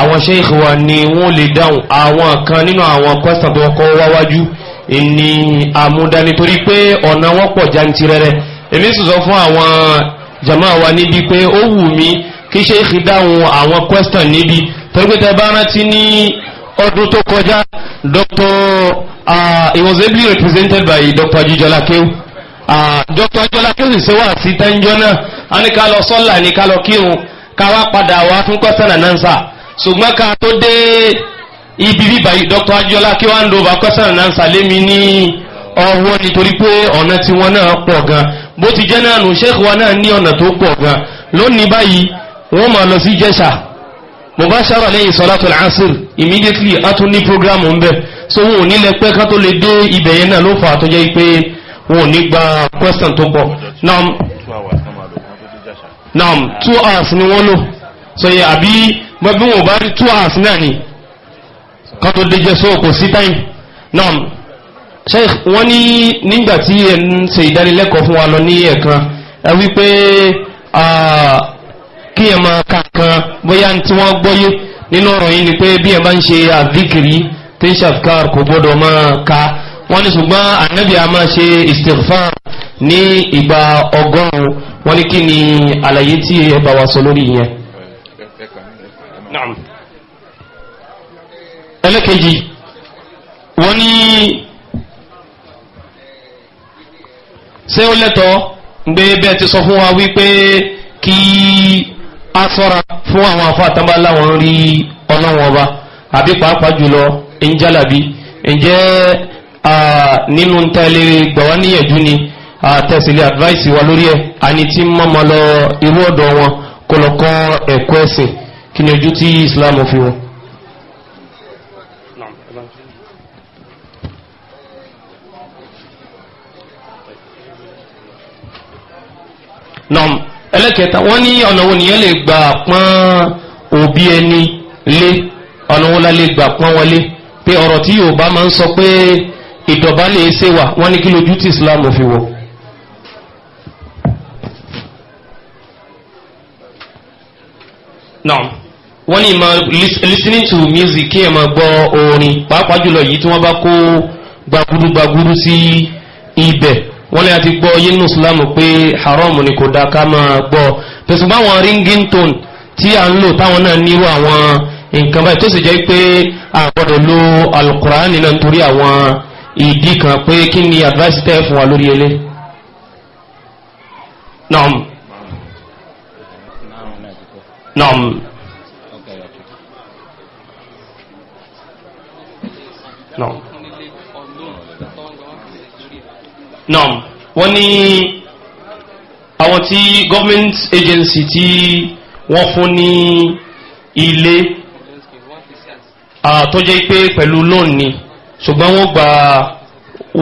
àwọn sheikh wa ni wọ́n lè dáhùn àwọn kan nínú àwọn question tó kọ́ wáwájú ìní àmúdá nítorí pé ọ̀nà wọn pọ̀ jantirẹrẹ èmi sì sọ fún àwọn jama wa níbi pé ó wù mí kí sheikh dáhùn àwọn question níbi torí bá rántí ní ọdún tó kọjá dr ah, he was ably represented by dr ajijola keu uh, ah, dr ajijola keu sì ṣe wá sí tẹ́ńjọ́ náà a ní ká lọ sọ́là ní ká lọ kírun káwá padà wá fún kọ́sánà náà sà ṣùgbọ́n ká tó dé ibi bíbá yìí Dr. Adiola kí wọ́n ń lo kọ́sánà náà sà lémi ní ọwọ́ nítorí pé ọ̀nà tí wọ́n náà pọ̀ gan bó ti jẹ́ náà nù sheikh wa náà ní ọ̀nà tó pọ̀ gan lónìí báyìí wọ́n máa lọ sí Jẹ̀ṣà mubashara lẹ́yìn salatul asr immediately a tún ní programu ń bẹ̀ so wọn ò ní lẹ pẹ́ ká tó lè dé ibẹ̀ yẹn náà ló fà á tó jẹ́ pé wọn ò ní gba question tó pọ̀ náà naam two hours ni wọ́n lò so yẹ àbí bí wọ́n bá rí two hours náà ni kan tó dé jẹ́ so kò sí time naam sheikh wọ́n ní nígbà tí ẹ̀ ń ṣe ìdánilẹ́kọ̀ọ́ fún wa lọ ní ẹ̀kan ẹ wípé kí ẹ̀ máa ka kan bóyá tí wọ́n gbọ́yé nínú ọ̀rọ̀ yìí ni pé bí ẹ̀ máa ń ṣe àdíkìrí tí ṣàfikàr kò gbọ́dọ̀ máa ka wọ́n ní ṣùgbọ́n ànábì máa ṣe istighfar ní ìgbà ọgọ́rùn-ún wọ́n ní kí ni àlàyé tí ẹ bá wa sọ lórí yẹn. ẹlẹ́kẹ̀jì wọ́n ní ṣé ó lẹ́tọ̀ọ́ gbé bẹ́ẹ̀ ti sọ fún wa wípé kí a sọ́ra fún àwọn afọ àtàbà láwọn rí ọlọ́wọ́n ọba àbí pàápàá jùlọ ẹ̀ńjálàbí ǹjẹ́ nínú ntẹ́lẹ̀ gbọ̀wá níyànjú ni àtẹ̀sílẹ̀ advice wa lórí ẹ̀ àní tí mọ́mọ́ lọ irú ọ̀dọ̀ wọn kó lọ kọ́ ẹ̀kọ́ ẹ̀sìn kí ni ojú tí Islam fi wọn. nọm ẹlẹ́kẹta wọ́n ní ọ̀nà wo nìyẹn lè gbà pọ́n òbí ẹni lé ọ̀nà wo gbà pọ́n wọlé pé ọ̀rọ̀ tí Yorùbá máa ń sọ pé ìdọ̀bálẹ̀ ṣe wà wọ́n ní kí lójú tí Islam fi wọ̀. náà wọ́n ní ma listening to music kí ẹ máa gbọ́ orin pàápàá jùlọ yìí tí wọ́n bá kó gbagúdú gbagúdú sí ibẹ̀ wọ́n ní a ti gbọ́ yínú islam pé haram ni kò dáa ká máa gbọ́ pẹ̀sùn báwọn ringing tone tí a ń lò táwọn náà nírú àwọn nǹkan báyìí tó sì jẹ́ pé a gbọ́dọ̀ lo alukur'an nínú nítorí àwọn ìdí kan pé kí ni advice tẹ́ fún wa lórí ilé. Nom, nom, nom. Wọ́n ní àwọn tí government agency tí wọ́n fún ní ilé ah, tó jẹ́ pé pẹ̀lú loan ni ṣùgbọ́n wọ́n gba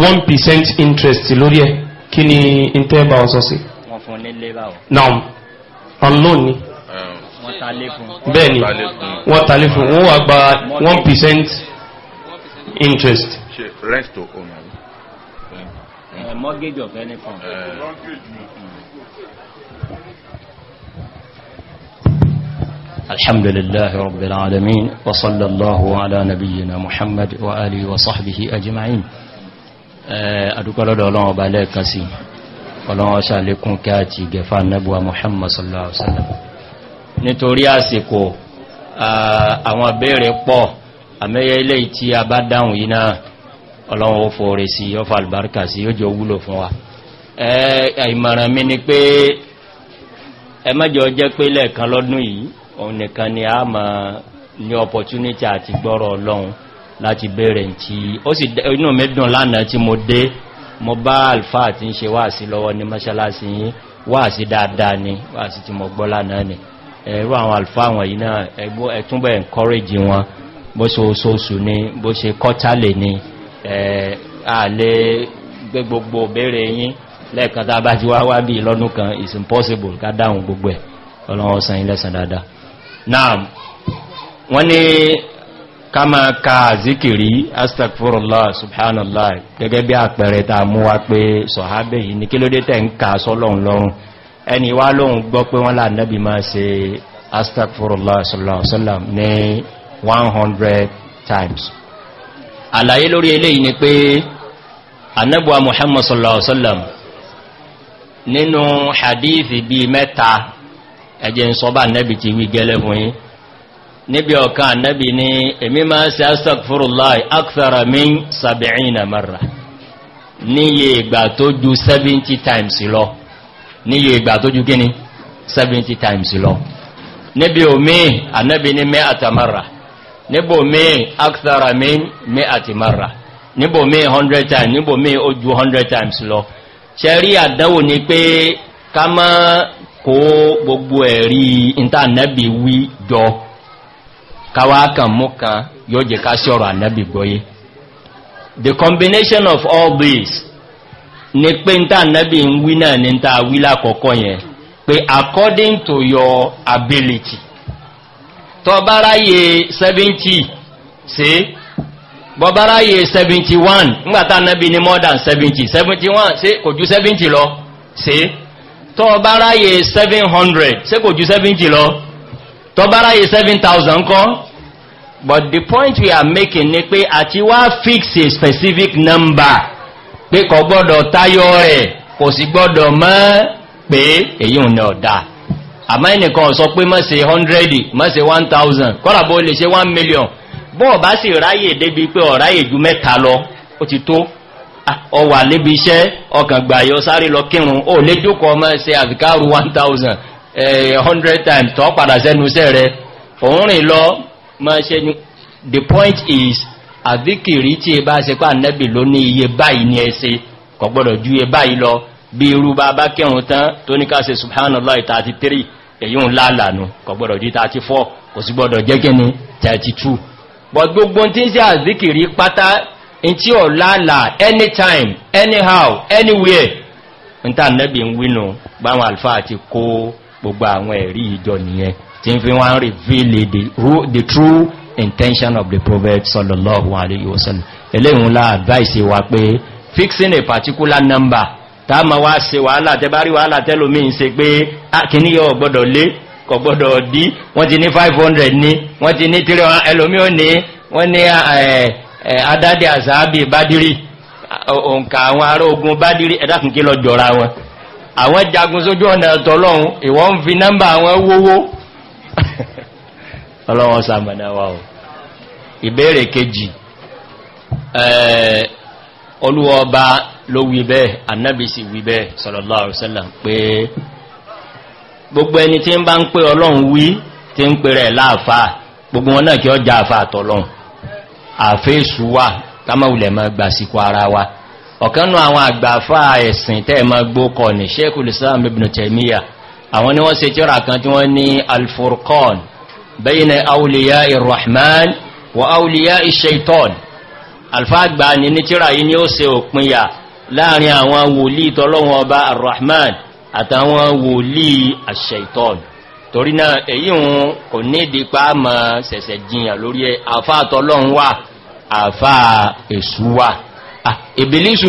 one percent interest lórí ẹ̀ kí ni inteba ọ̀sọ̀sẹ̀. wọ́n fún nílé báwo. Naam. on loan ni bẹ́ẹ̀ni wọ́n talé fún wọ́n wà gba 1% interest rent to owner mortgage of any form الحمد لله رب العالمين وصلى الله على نبينا محمد وآله وصحبه أجمعين أدوكالو الله بالك سي الله شالكم كاتي جفان نبوة محمد صلى الله عليه وسلم nítorí àsìkò àwọn béèrè pọ̀ àmẹ́yẹ ilé tí a bá dáhùn yìí náà ọlọ́run ó fòrè sí ọfà albarka sí yóò jọ wúlò fún wa ìmọ̀ràn mi ni pé ẹ mẹ́jọ jẹ́ pé lẹ́ẹ̀kan lọ́dún yìí òun nìkan ni a mọ̀ ní opportunity àti gbọ́rọ̀ ọlọ́run láti bẹ̀rẹ̀ tí ó sì inú mi dùn lánàá tí mo dé mo bá alfa àti ń ṣe wáàsí lọ́wọ́ ní mọ́ṣálásí yìí wáàsí dáadáa ni wáàsí tí mo gbọ́ lánàá ni ẹ̀rọ àwọn alfa àwọn yìí náà ẹgbó ẹ̀túnbẹ̀ encourage wọn bó ṣe oṣooṣù ni bó ṣe kọ́tàlẹ̀ ni ààlẹ́ gbogbo bẹ̀rẹ̀ yín lẹ́ẹ̀kan tá bá ti wá wá bí lọ́nù kan is impossible ká dáhùn gbogbo ẹ̀ ọlọ́wọ́ san ilẹ̀ san dáadáa náà wọ́n ní ká máa ka zikiri astagfirullah subhanallah gẹ́gẹ́ bí àpẹẹrẹ ta mú wá pé sọ̀hábẹ̀ yìí ní kí ló tẹ́ ń ka sọ́lọ́run lọ́rùn ẹni wá lóhun gbọ́ pé wọ́n lànàbí máa ṣe astagfirullah sallallahu alaihi wasallam ní 100 times àlàyé lórí eléyìí ni pé annabuwa muhammad sallallahu alaihi wasallam nínú hadithi bí mẹ́ta ẹjẹ́ ń sọ́bà annabi ti wí gẹ́lẹ́ fún yí níbi ọ̀kan annabi ni èmi máa ṣe astagfirullah akthara min 70 marra níye ìgbà tó ju 70 times lọ níye ìgbà tó ju kíni 70 times lọ níbi omi ànábi ní mẹ́ àtàmàrà níbò mí akthara min mẹ́ àtìmàrà níbò mí 100 times níbò mí ó ju 100 times lọ ṣẹ́rí àdánwò ni pé ká mọ́ kó gbogbo ẹ̀rí ìntànẹ́bì wí jọ káwàá kan mú kan yóò jẹ ká sí ọ̀rọ̀ gbọ́yé the combination of all these ni pé ń tàn náàbì ń wí náà ní ta wí lákọ̀ọ́kọ́ yẹn pé according to your ability tọ bá ráyè 70 sí bọ́ bá ráyè 71 ńgbàtà náàbì ní more than 70 71 sí kò ju 70 lọ sí tọ bá ráyè 700 sí kò ju 70 lọ tọ bá ráyè 7000 kọ́ but the point we are making ni pé àti wá fix a specific number pé kọ gbọ́dọ̀ táyọ rẹ̀ kò sì gbọ́dọ̀ mọ́ pé èyí ò ní ọ̀dá àmá ẹnìkan sọ pé mọ́ sí 100 mọ́ sí 1000 kọ́làbó lè ṣe 1 million bọ́ bá sì ráyè débi pé ọ̀ráyè ju mẹ́ta lọ ó ti tó ọwà ah, lébi iṣẹ́ ọkàn gbàyọ sáré lọ kírun ó lé jókòó ọmọ ṣe àfikáàrù 1000 100 times tọ́ padà sẹ́nu iṣẹ́ rẹ̀ òun rìn lọ mọ́ ṣe the point is àdíkìrí tí bá ṣe pà nẹ́bì ló ní iye báyìí ní ẹsẹ kò gbọ́dọ̀ ju iye báyìí lọ bí irú bá bá kẹrùn tán tó ní káṣe subhanallah 33 èyí ń lálànà kò gbọ́dọ̀ ju 34 kò sí gbọ́dọ̀ jẹ́gẹ́ ní 32 but gbogbo tí ń ṣe àdíkìrí pátá in tí ò lálà anytime anyhow anywhere ń tà nẹ́bì ń wínú báwọn alfa ti kó gbogbo àwọn ẹ̀rí ìjọ nìyẹn tí ń fi wọ́n reveal the, the true intention of the prophet sallallahu alayhi wa sallam eléhun la advice wa pé fixing a particular number ta ma wá se wàhálà tẹ bá rí wàhálà tẹ́lò mí se pé kìíní yọ ọgbọ́dọ̀ lé kọgbọ́dọ̀ dí wọ́n ti ní 500 ní wọ́n ti ní 300 ẹlòmí ò ní wọ́n ní adáde àzáàbì bádìrí òǹkà àwọn ará ogun bádìrí ẹ̀dàkùn kí lọ jọra wọn àwọn jagun sójú ọ̀nà ẹ̀tọ́lọ́run ìwọ́n fi nọ́mbà àwọn wówó ọlọ́wọ́ sàmàdáwà ò ìbéèrè kejì olúwọba ló wí bẹ́ẹ̀ annabi sì wí sallallahu alaihi wasallam pé gbogbo ẹni tí ń bá ń pè ọlọ́run wí tí ń pè rẹ̀ láàfáà gbogbo wọn náà kí ọ já àfáà tọ́lọ́run àfẹ́sù wà kámọ̀wulẹ̀ ma gbà síkò ara wa ọ̀kanú àwọn àgbàfà ẹ̀sìn tẹ́ ma gbó kọ̀ ní Sheikhul Islam Ibn Taymiyyah àwọn ni wọ́n ṣe tíra kan tí wọ́n ní al bayna awliya irrahman wa awliya ishaitan alfagba ni ní tíra yìí ni ó ṣe òpinya láàrin àwọn wòlí tọ́lọ́wọ́n ọba arrahman àtàwọn wòlí ashaitan torí náà èyí hun kò ní ìdípa mọ̀ sẹ̀sẹ̀ jiyàn lórí ẹ àfá tọ́lọ́run wà àfá èṣù wà ah, ìbìlísù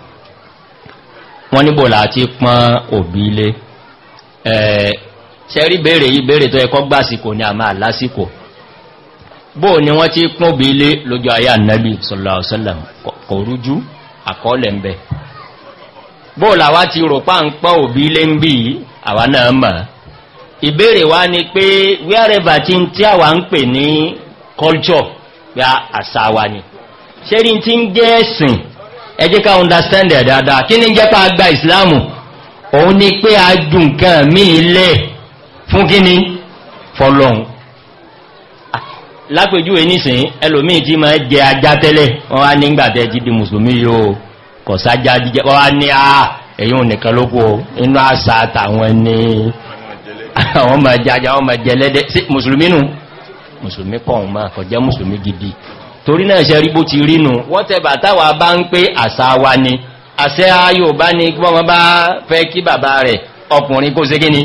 wọ́n níbò láti pọ́n òbí ilé ṣẹ́rí bèèrè yí bèèrè tó ẹkọ́ gbásíkò ní àmà àlásíkò bó ni wọ́n ti pọ́n òbí ilé lójú ayé ànábì sọ̀lọ̀ọ̀sọ́lọ̀ kò rújú àkọọ́lẹ̀ ń bẹ bó làwá ti rò pá ń pọ́n òbí ilé ń bí àwa náà mọ̀ ìbéèrè wá ni pé wherever ti ń tí àwa ń pè ní culture pé àṣà wa ni ṣe ti ń jẹ́ ẹ jẹ́ ká understand ẹ̀ dáadáa kí ní jẹ́ ká gba ìsìláàmù òun ni pé a jù nǹkan míì lẹ̀ fún kíní fọlọ́hun lápèjúwe nísìn ẹlòmíì tí máa jẹ ajá tẹ́lẹ̀ wọ́n wá nígbàtẹ́ ti di mùsùlùmí yóò kọ̀ sájá jíjẹ wọ́n wá ní àà èyí ò nìkan ló kó inú àṣà àtàwọn ẹni àwọn ọmọ ẹja ajá ọmọ ẹjẹ sí mùsùlùmí nù mùsùlùmí kọ̀ ọ̀hún máa kọjẹ́ gidi torí náà ṣe ríbó ti rínú wọ́tẹ̀bà táwà bá ń pé àṣà wa ni àṣẹ ayò bá ní kí wọ́n bá fẹ́ kí bàbá rẹ̀ ọkùnrin kó ségí ni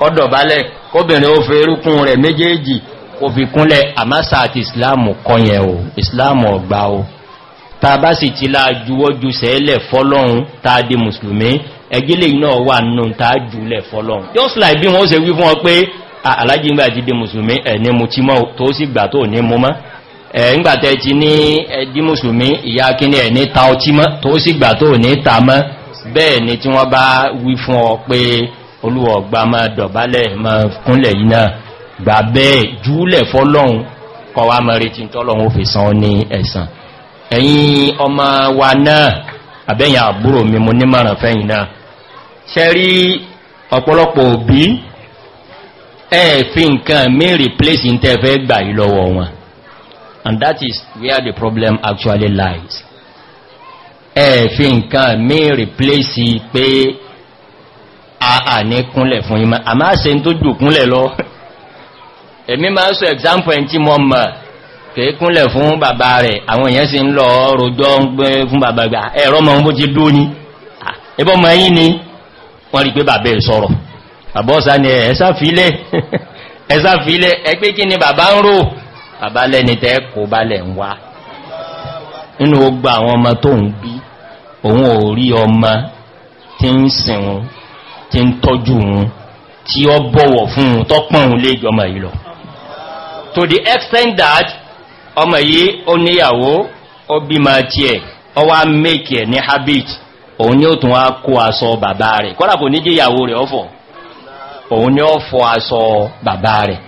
kọ́dọ̀bálẹ̀ kóbìnrin ó fẹ́ rúkún rẹ̀ méjèèjì kò fi kúnlẹ̀ àmásà àti ìsìláàmù kọyẹ̀ o ìsìláàmù ọgbà o ta bá sì ti la juwọ́jú sẹ́lẹ̀ fọ́lọ́run ta di mùsùlùmí ẹgílẹ̀ iná ẹ̀ ní mu ti mọ́ tó sì gbà tó ní mú mọ́ ẹ̀ngbàtẹ̀ ti ní ẹdí mùsùlùmí ìyá kíní ẹ̀ ní ta ọtí mọ́ tó sì gbà tó ní ta mọ́ bẹ́ẹ̀ ni tí wọ́n bá wí fún ọ pé olúwọ̀gbà ma dọ̀bálẹ̀ ma kúnlẹ̀ yìí náà gbà bẹ́ẹ̀ júlẹ̀ fọ́lọ́hun kọ wá mọ́ retí tọ́lọ́hun ó fi san ní mi mo nímọ̀ràn fẹ́yìn náà ṣẹ́rí ọ̀pọ̀lọpọ̀ òbí ẹ̀ẹ̀fin nǹkan mí replace ní tẹ́ẹ̀fẹ́ gbà yìí wọn and that is where the problem actually lies ẹ fi nǹkan mi replace pé àà ní kúnlẹ̀ fún ìmọ̀ a máa ṣe tó jù kúnlẹ̀ lọ [LAUGHS] èmi máa sọ example ẹn tí mọ́ mọ̀ kèé kúnlẹ̀ fún bàbá rẹ̀ àwọn èèyàn sì ń lọ rojọ́ ń gbé fún bàbá gbà ẹ̀rọ mọ̀ bó ti dó ní ẹbọ́ mọ̀ yí ni wọ́n rí pé bàbá ẹ̀ sọ̀rọ̀ bàbá ọ̀sá ni ẹ̀ẹ́sà fílẹ̀ ẹ̀ẹ́sà fílẹ̀ ẹgbẹ́ kí ni bàbá ń rò bàbá lẹ́ni tẹ́ kò bá lẹ̀ ń wá nínú gbogbo àwọn ọmọ tó ń bí òun ò rí ọmọ tí ń sìn wọn tí ń tí ó bọ̀wọ̀ fún un òun yìí lọ to the extent that ọmọ yìí ó níyàwó ó ma tiẹ̀ ọ wá mẹ́kì ẹ̀ habit òun ni ó tún wá kó aṣọ bàbá rẹ̀ kọ́lá kò ní jẹ́ ìyàwó rẹ̀ ni ó fọ aṣọ bàbá rẹ̀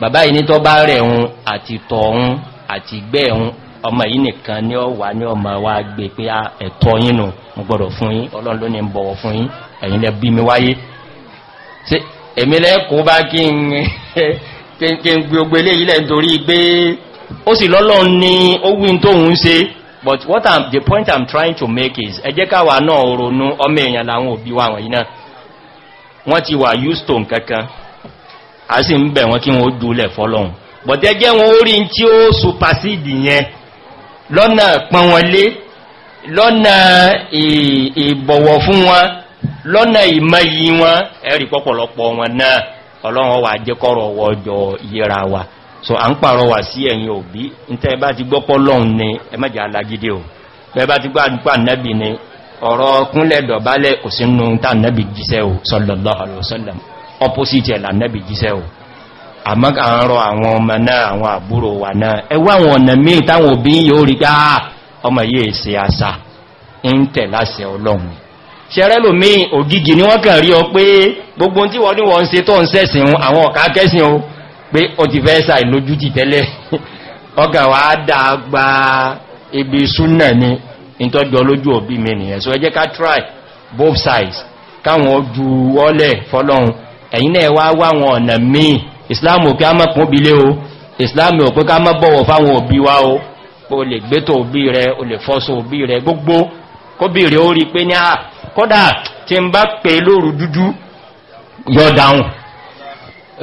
bàbá yìí ní tọ́ bá rẹ̀ hun àti tọ̀hun àti gbẹ́ hun ọmọ yìí nìkan ní ọwà ní ọmọ wa gbé pé ah, ẹ̀tọ́ yìí nù mo gbọ́dọ̀ fún yín ọlọ́run ló ní bọ̀wọ̀ fún yín ẹ̀yin lẹ bí mi wáyé ṣe èmi lẹ́kọ̀ọ́ bá [LAUGHS] kí n kí n gbogbo eléyìí lẹ́ nítorí pé ó sì lọ́lọ́run ní ó wí tóun ṣe but what I'm, the point i'm trying to make is ẹjẹ́ káwa náà ronú ọmọ èèyàn làwọn òbí wa wọ̀nyí náà wọ́n ti wà houston kankan a sì ń bẹ̀ wọn kí wọ́n ó jùlẹ̀ fọ́lọ́hun bọ̀dẹ́jẹ́ wọn ó rí tí ó supasíìdì yẹn lọ́nà pọn lọ́nà ìbọ̀wọ̀ fún wọn lọ́nà ìmọ̀yí wọn ẹ̀rí pọ̀pọ̀lọpọ̀ wọn náà ọlọ́run wà jẹ́ kọ́rọ̀ so a ń wà sí ẹ̀yìn òbí tẹ́ bá ti gbọ́pọ̀ o bá ti gbà nẹ́bì ni kúnlẹ̀ dọ̀bálẹ̀ kò opposite ẹ̀là nẹ́bì jíṣẹ́ Amak àmọ́ àárọ àwọn ọmọ náà àwọn àbúrò wà náà ẹwà àwọn ọ̀nà míì táwọn òbí yóò rí ká ah, ọmọ yìí ṣe àṣà ń tẹ̀ láṣẹ ọlọ́run ṣẹrẹ́ lò mí ògìgì ni wọ́n kàn rí ọ pé gbogbo tí wọ́n ní wọ́n ń se tó ń sẹ́sìn àwọn ọ̀ká kẹ́sìn o pé o ti fẹ́ sàì lójú ti tẹ́lẹ̀ ọgà wà á gba ibi súnà ni ìtọ́jọ lójú òbí mi nìyẹn so ẹjẹ́ ká try both sides káwọn ojú wọ́lẹ̀ fọ́lọ́run ẹ̀yìn náà wá wáwọn ọ̀nà míì islam ò kí a mọ́kún bí lé o islam ò pé ká mọ́ bọ̀wọ̀ fáwọn òbí wa o o lè gbé tó òbí rẹ o lè fọ́sọ òbí rẹ gbogbo kó bèèrè ó rí pé ní à ah, kódà tí ń bá pè lóru dúdú yọ dáhùn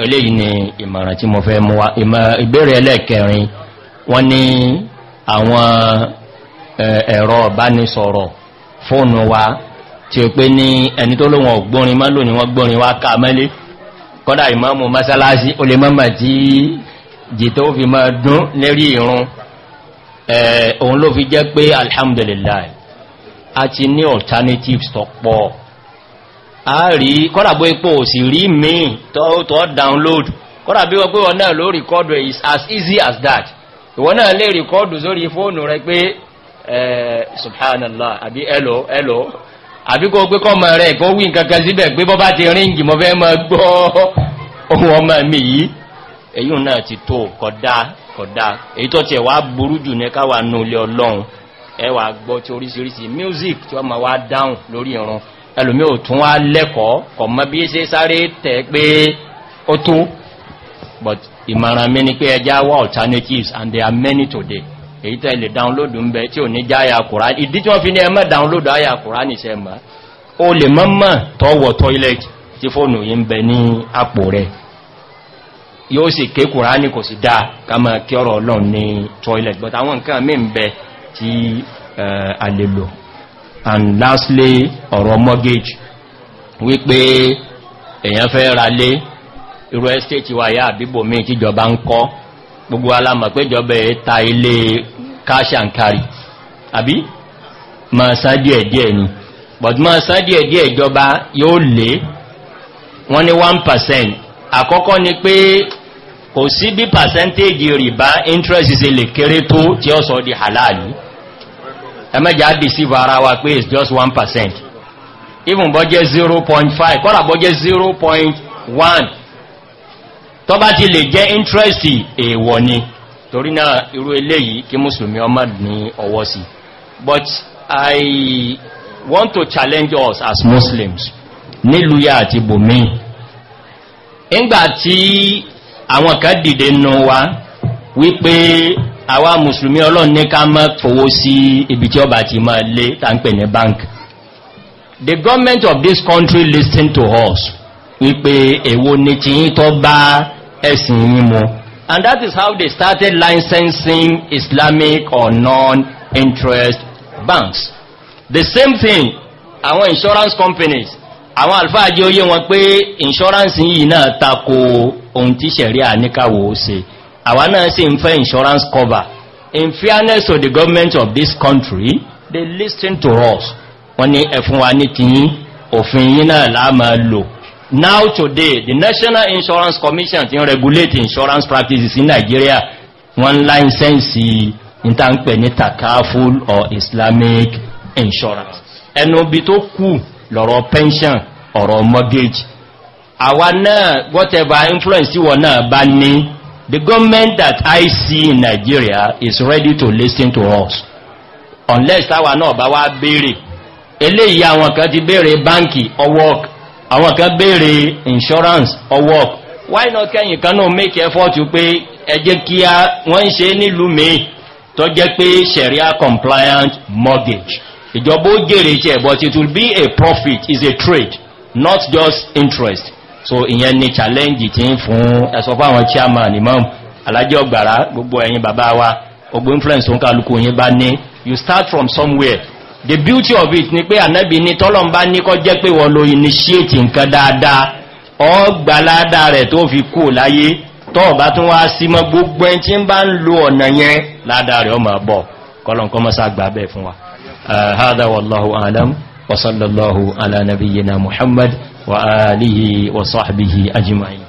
eléyìí ni ìmọ̀ràn tí mo fẹ́ mú wa ìbéèrè ẹlẹ́ẹ̀kẹrin wọ́n ní àwọn ẹ̀rọ ọ̀bánisọ̀rọ̀ fóònù wa tí ó pé ní ẹni tó lóhun ọ̀gbọ́nrin má lónìí wọ́n gbọ́nrin wá ká mẹ́lé kọ́dá ìmáàmù mọ́sálásí o lè mọ́mà tí jì tó fi máa dún lérí ìrun òun ló fi jẹ́ pé alhamdulillah a ti ní alternatives tó pọ̀ a rí kọ́dàbó download kọ́dàbí wọ́n pé wọ́n record is as easy as that ìwọ́n náà record sórí fóònù rẹ subhanallah Abi hello hello àbí kó gbé kọ́mọ rẹ̀ kó wí nǹkan kan síbẹ̀ pé bọ́ bá ti ríǹgì mọ́ fẹ́ mọ́ gbọ́ ohun ọmọ mi yìí èyí náà ti tó kódà kódà èyí tó tiẹ̀ wá burú jù ní káwà nù ilé ọlọ́run ẹ wá gbọ́ tí oríṣiríṣi music tí wọ́n máa wá dáhùn lórí ìrun ẹlòmí ò tún wá lẹ́kọ̀ọ́ kọ̀ mọ́ bí ṣe sáré tẹ̀ pé ó tó but ìmọ̀ràn mi ni pé ẹjá wá alternatives and there are many today èyí tẹ́ lè dáunlódù ń bẹ tí ò ní já àyà ìdí tí wọ́n fi ní eme dáunlódù àyà kùránì ṣe o lè mọ́mọ́ tọ́wọ̀ toilet tí fóònù yí ń bẹ ní àpò rẹ̀ yóò sì ké kùránì kò sì dá kama kí ọ̀rọ̀ ọlọ́run ní toilet but àwọn nǹkan mí ń bẹ tí a lè lò and lastly ọ̀rọ̀ mortgage wípé èèyàn fẹ́ ra lé irú estate wa yá àbíbò mí tíjọba ń kọ́ gbogbo alamọ̀ péjọbẹ̀ ta ilé káṣàǹkarì àbí ma sá díẹ̀ ni but ma sá díẹ̀ díẹ̀ ìjọba yóò lé wọ́n ní 1% àkọ́kọ́ ni pé kò sí bí percentage rìbá interest ṣe lè kéré tó tí ó sọ di halali ẹmẹ́jà dìsífà ara wa pé it's just 1% even budget 0.5 kọ́lá bọ́jẹ́ 0.1 tó bá ti lè jẹ́ interest èèwọ̀ ni torí náà irú eléyìí kí mùsùlùmí ọmọ ní ọwọ́ sí but i want to challenge us as muslims nílùúyà àti bòmí ńgbà tí àwọn kan dìde nù wa wípé àwa mùsùlùmí ọlọ́run ní ká mọ́ fowó sí ibi tí ọba ti máa lé tá ní bank the government of this country listen to us wípé èwo ni tí yí tọ́ bá ẹ̀sìn yí mọ́ and that is how they started licensing islamic or non-interest banks the same thing àwọn insurance companies àwọn alfáàjẹ́ oyé wọn pé insurance yìí náà tako ohun tí sẹ̀rí àníkàwò ó se àwa náà sì ń fẹ́ insurance cover in fairness to the government of this country they listen to us wọ́n ní ẹ̀fún wa ní tí òfin yìí náà láàmà lò now today the national insurance commission ti regulate insurance practices in nigeria One line sense, wọ́n ńlá ìsẹ́ǹsì ìtànpẹ̀ ní takaful or islamic insurance ẹnu bí tó kú lọ́rọ̀ pension ọ̀rọ̀ mortgage àwa náà whatever influence tí wọ́n náà bá ní the government that i see in nigeria is ready to listen to us unless táwa náà bá wá béèrè eléyìí àwọn kan ti béèrè báńkì or work àwọn kan béèrè insurance or work why not kẹ́yìn kan náà make effort pé ẹjẹ́ kí a wọ́n ń ṣe nílùú mi tó jẹ́ pé sharia compliant mortgage ìjọba ó jèrè ṣe but it will be a profit is a trade not just interest so ìyẹn ni challenge ti ń fún ẹ̀sọ́ fáwọn chairman imam alájẹ́ ọgbàrá gbogbo ẹ̀yin bàbá wa gbogbo influence tó ń kálukú yín bá ní you start from somewhere the beauty of it ni pé ànábì ní tọ́lọ̀n bá ní kọ́ jẹ́ pé wọ́n lo initiate nǹkan dáadáa ọgbàládà rẹ̀ tó fi kú láyé tọ́ọ̀bá tún wá sí mọ́ gbogbo ẹn tí ń bá ń lo ọ̀nà yẹn o ma bo bọ̀ kọ́lọ̀n kọ́ mọ́sá gbà bẹ́ẹ̀ fún wa hádà wàláhù alam wasallallahu ala nabiyyina muhammad wa alihi wa sahbihi ajma'in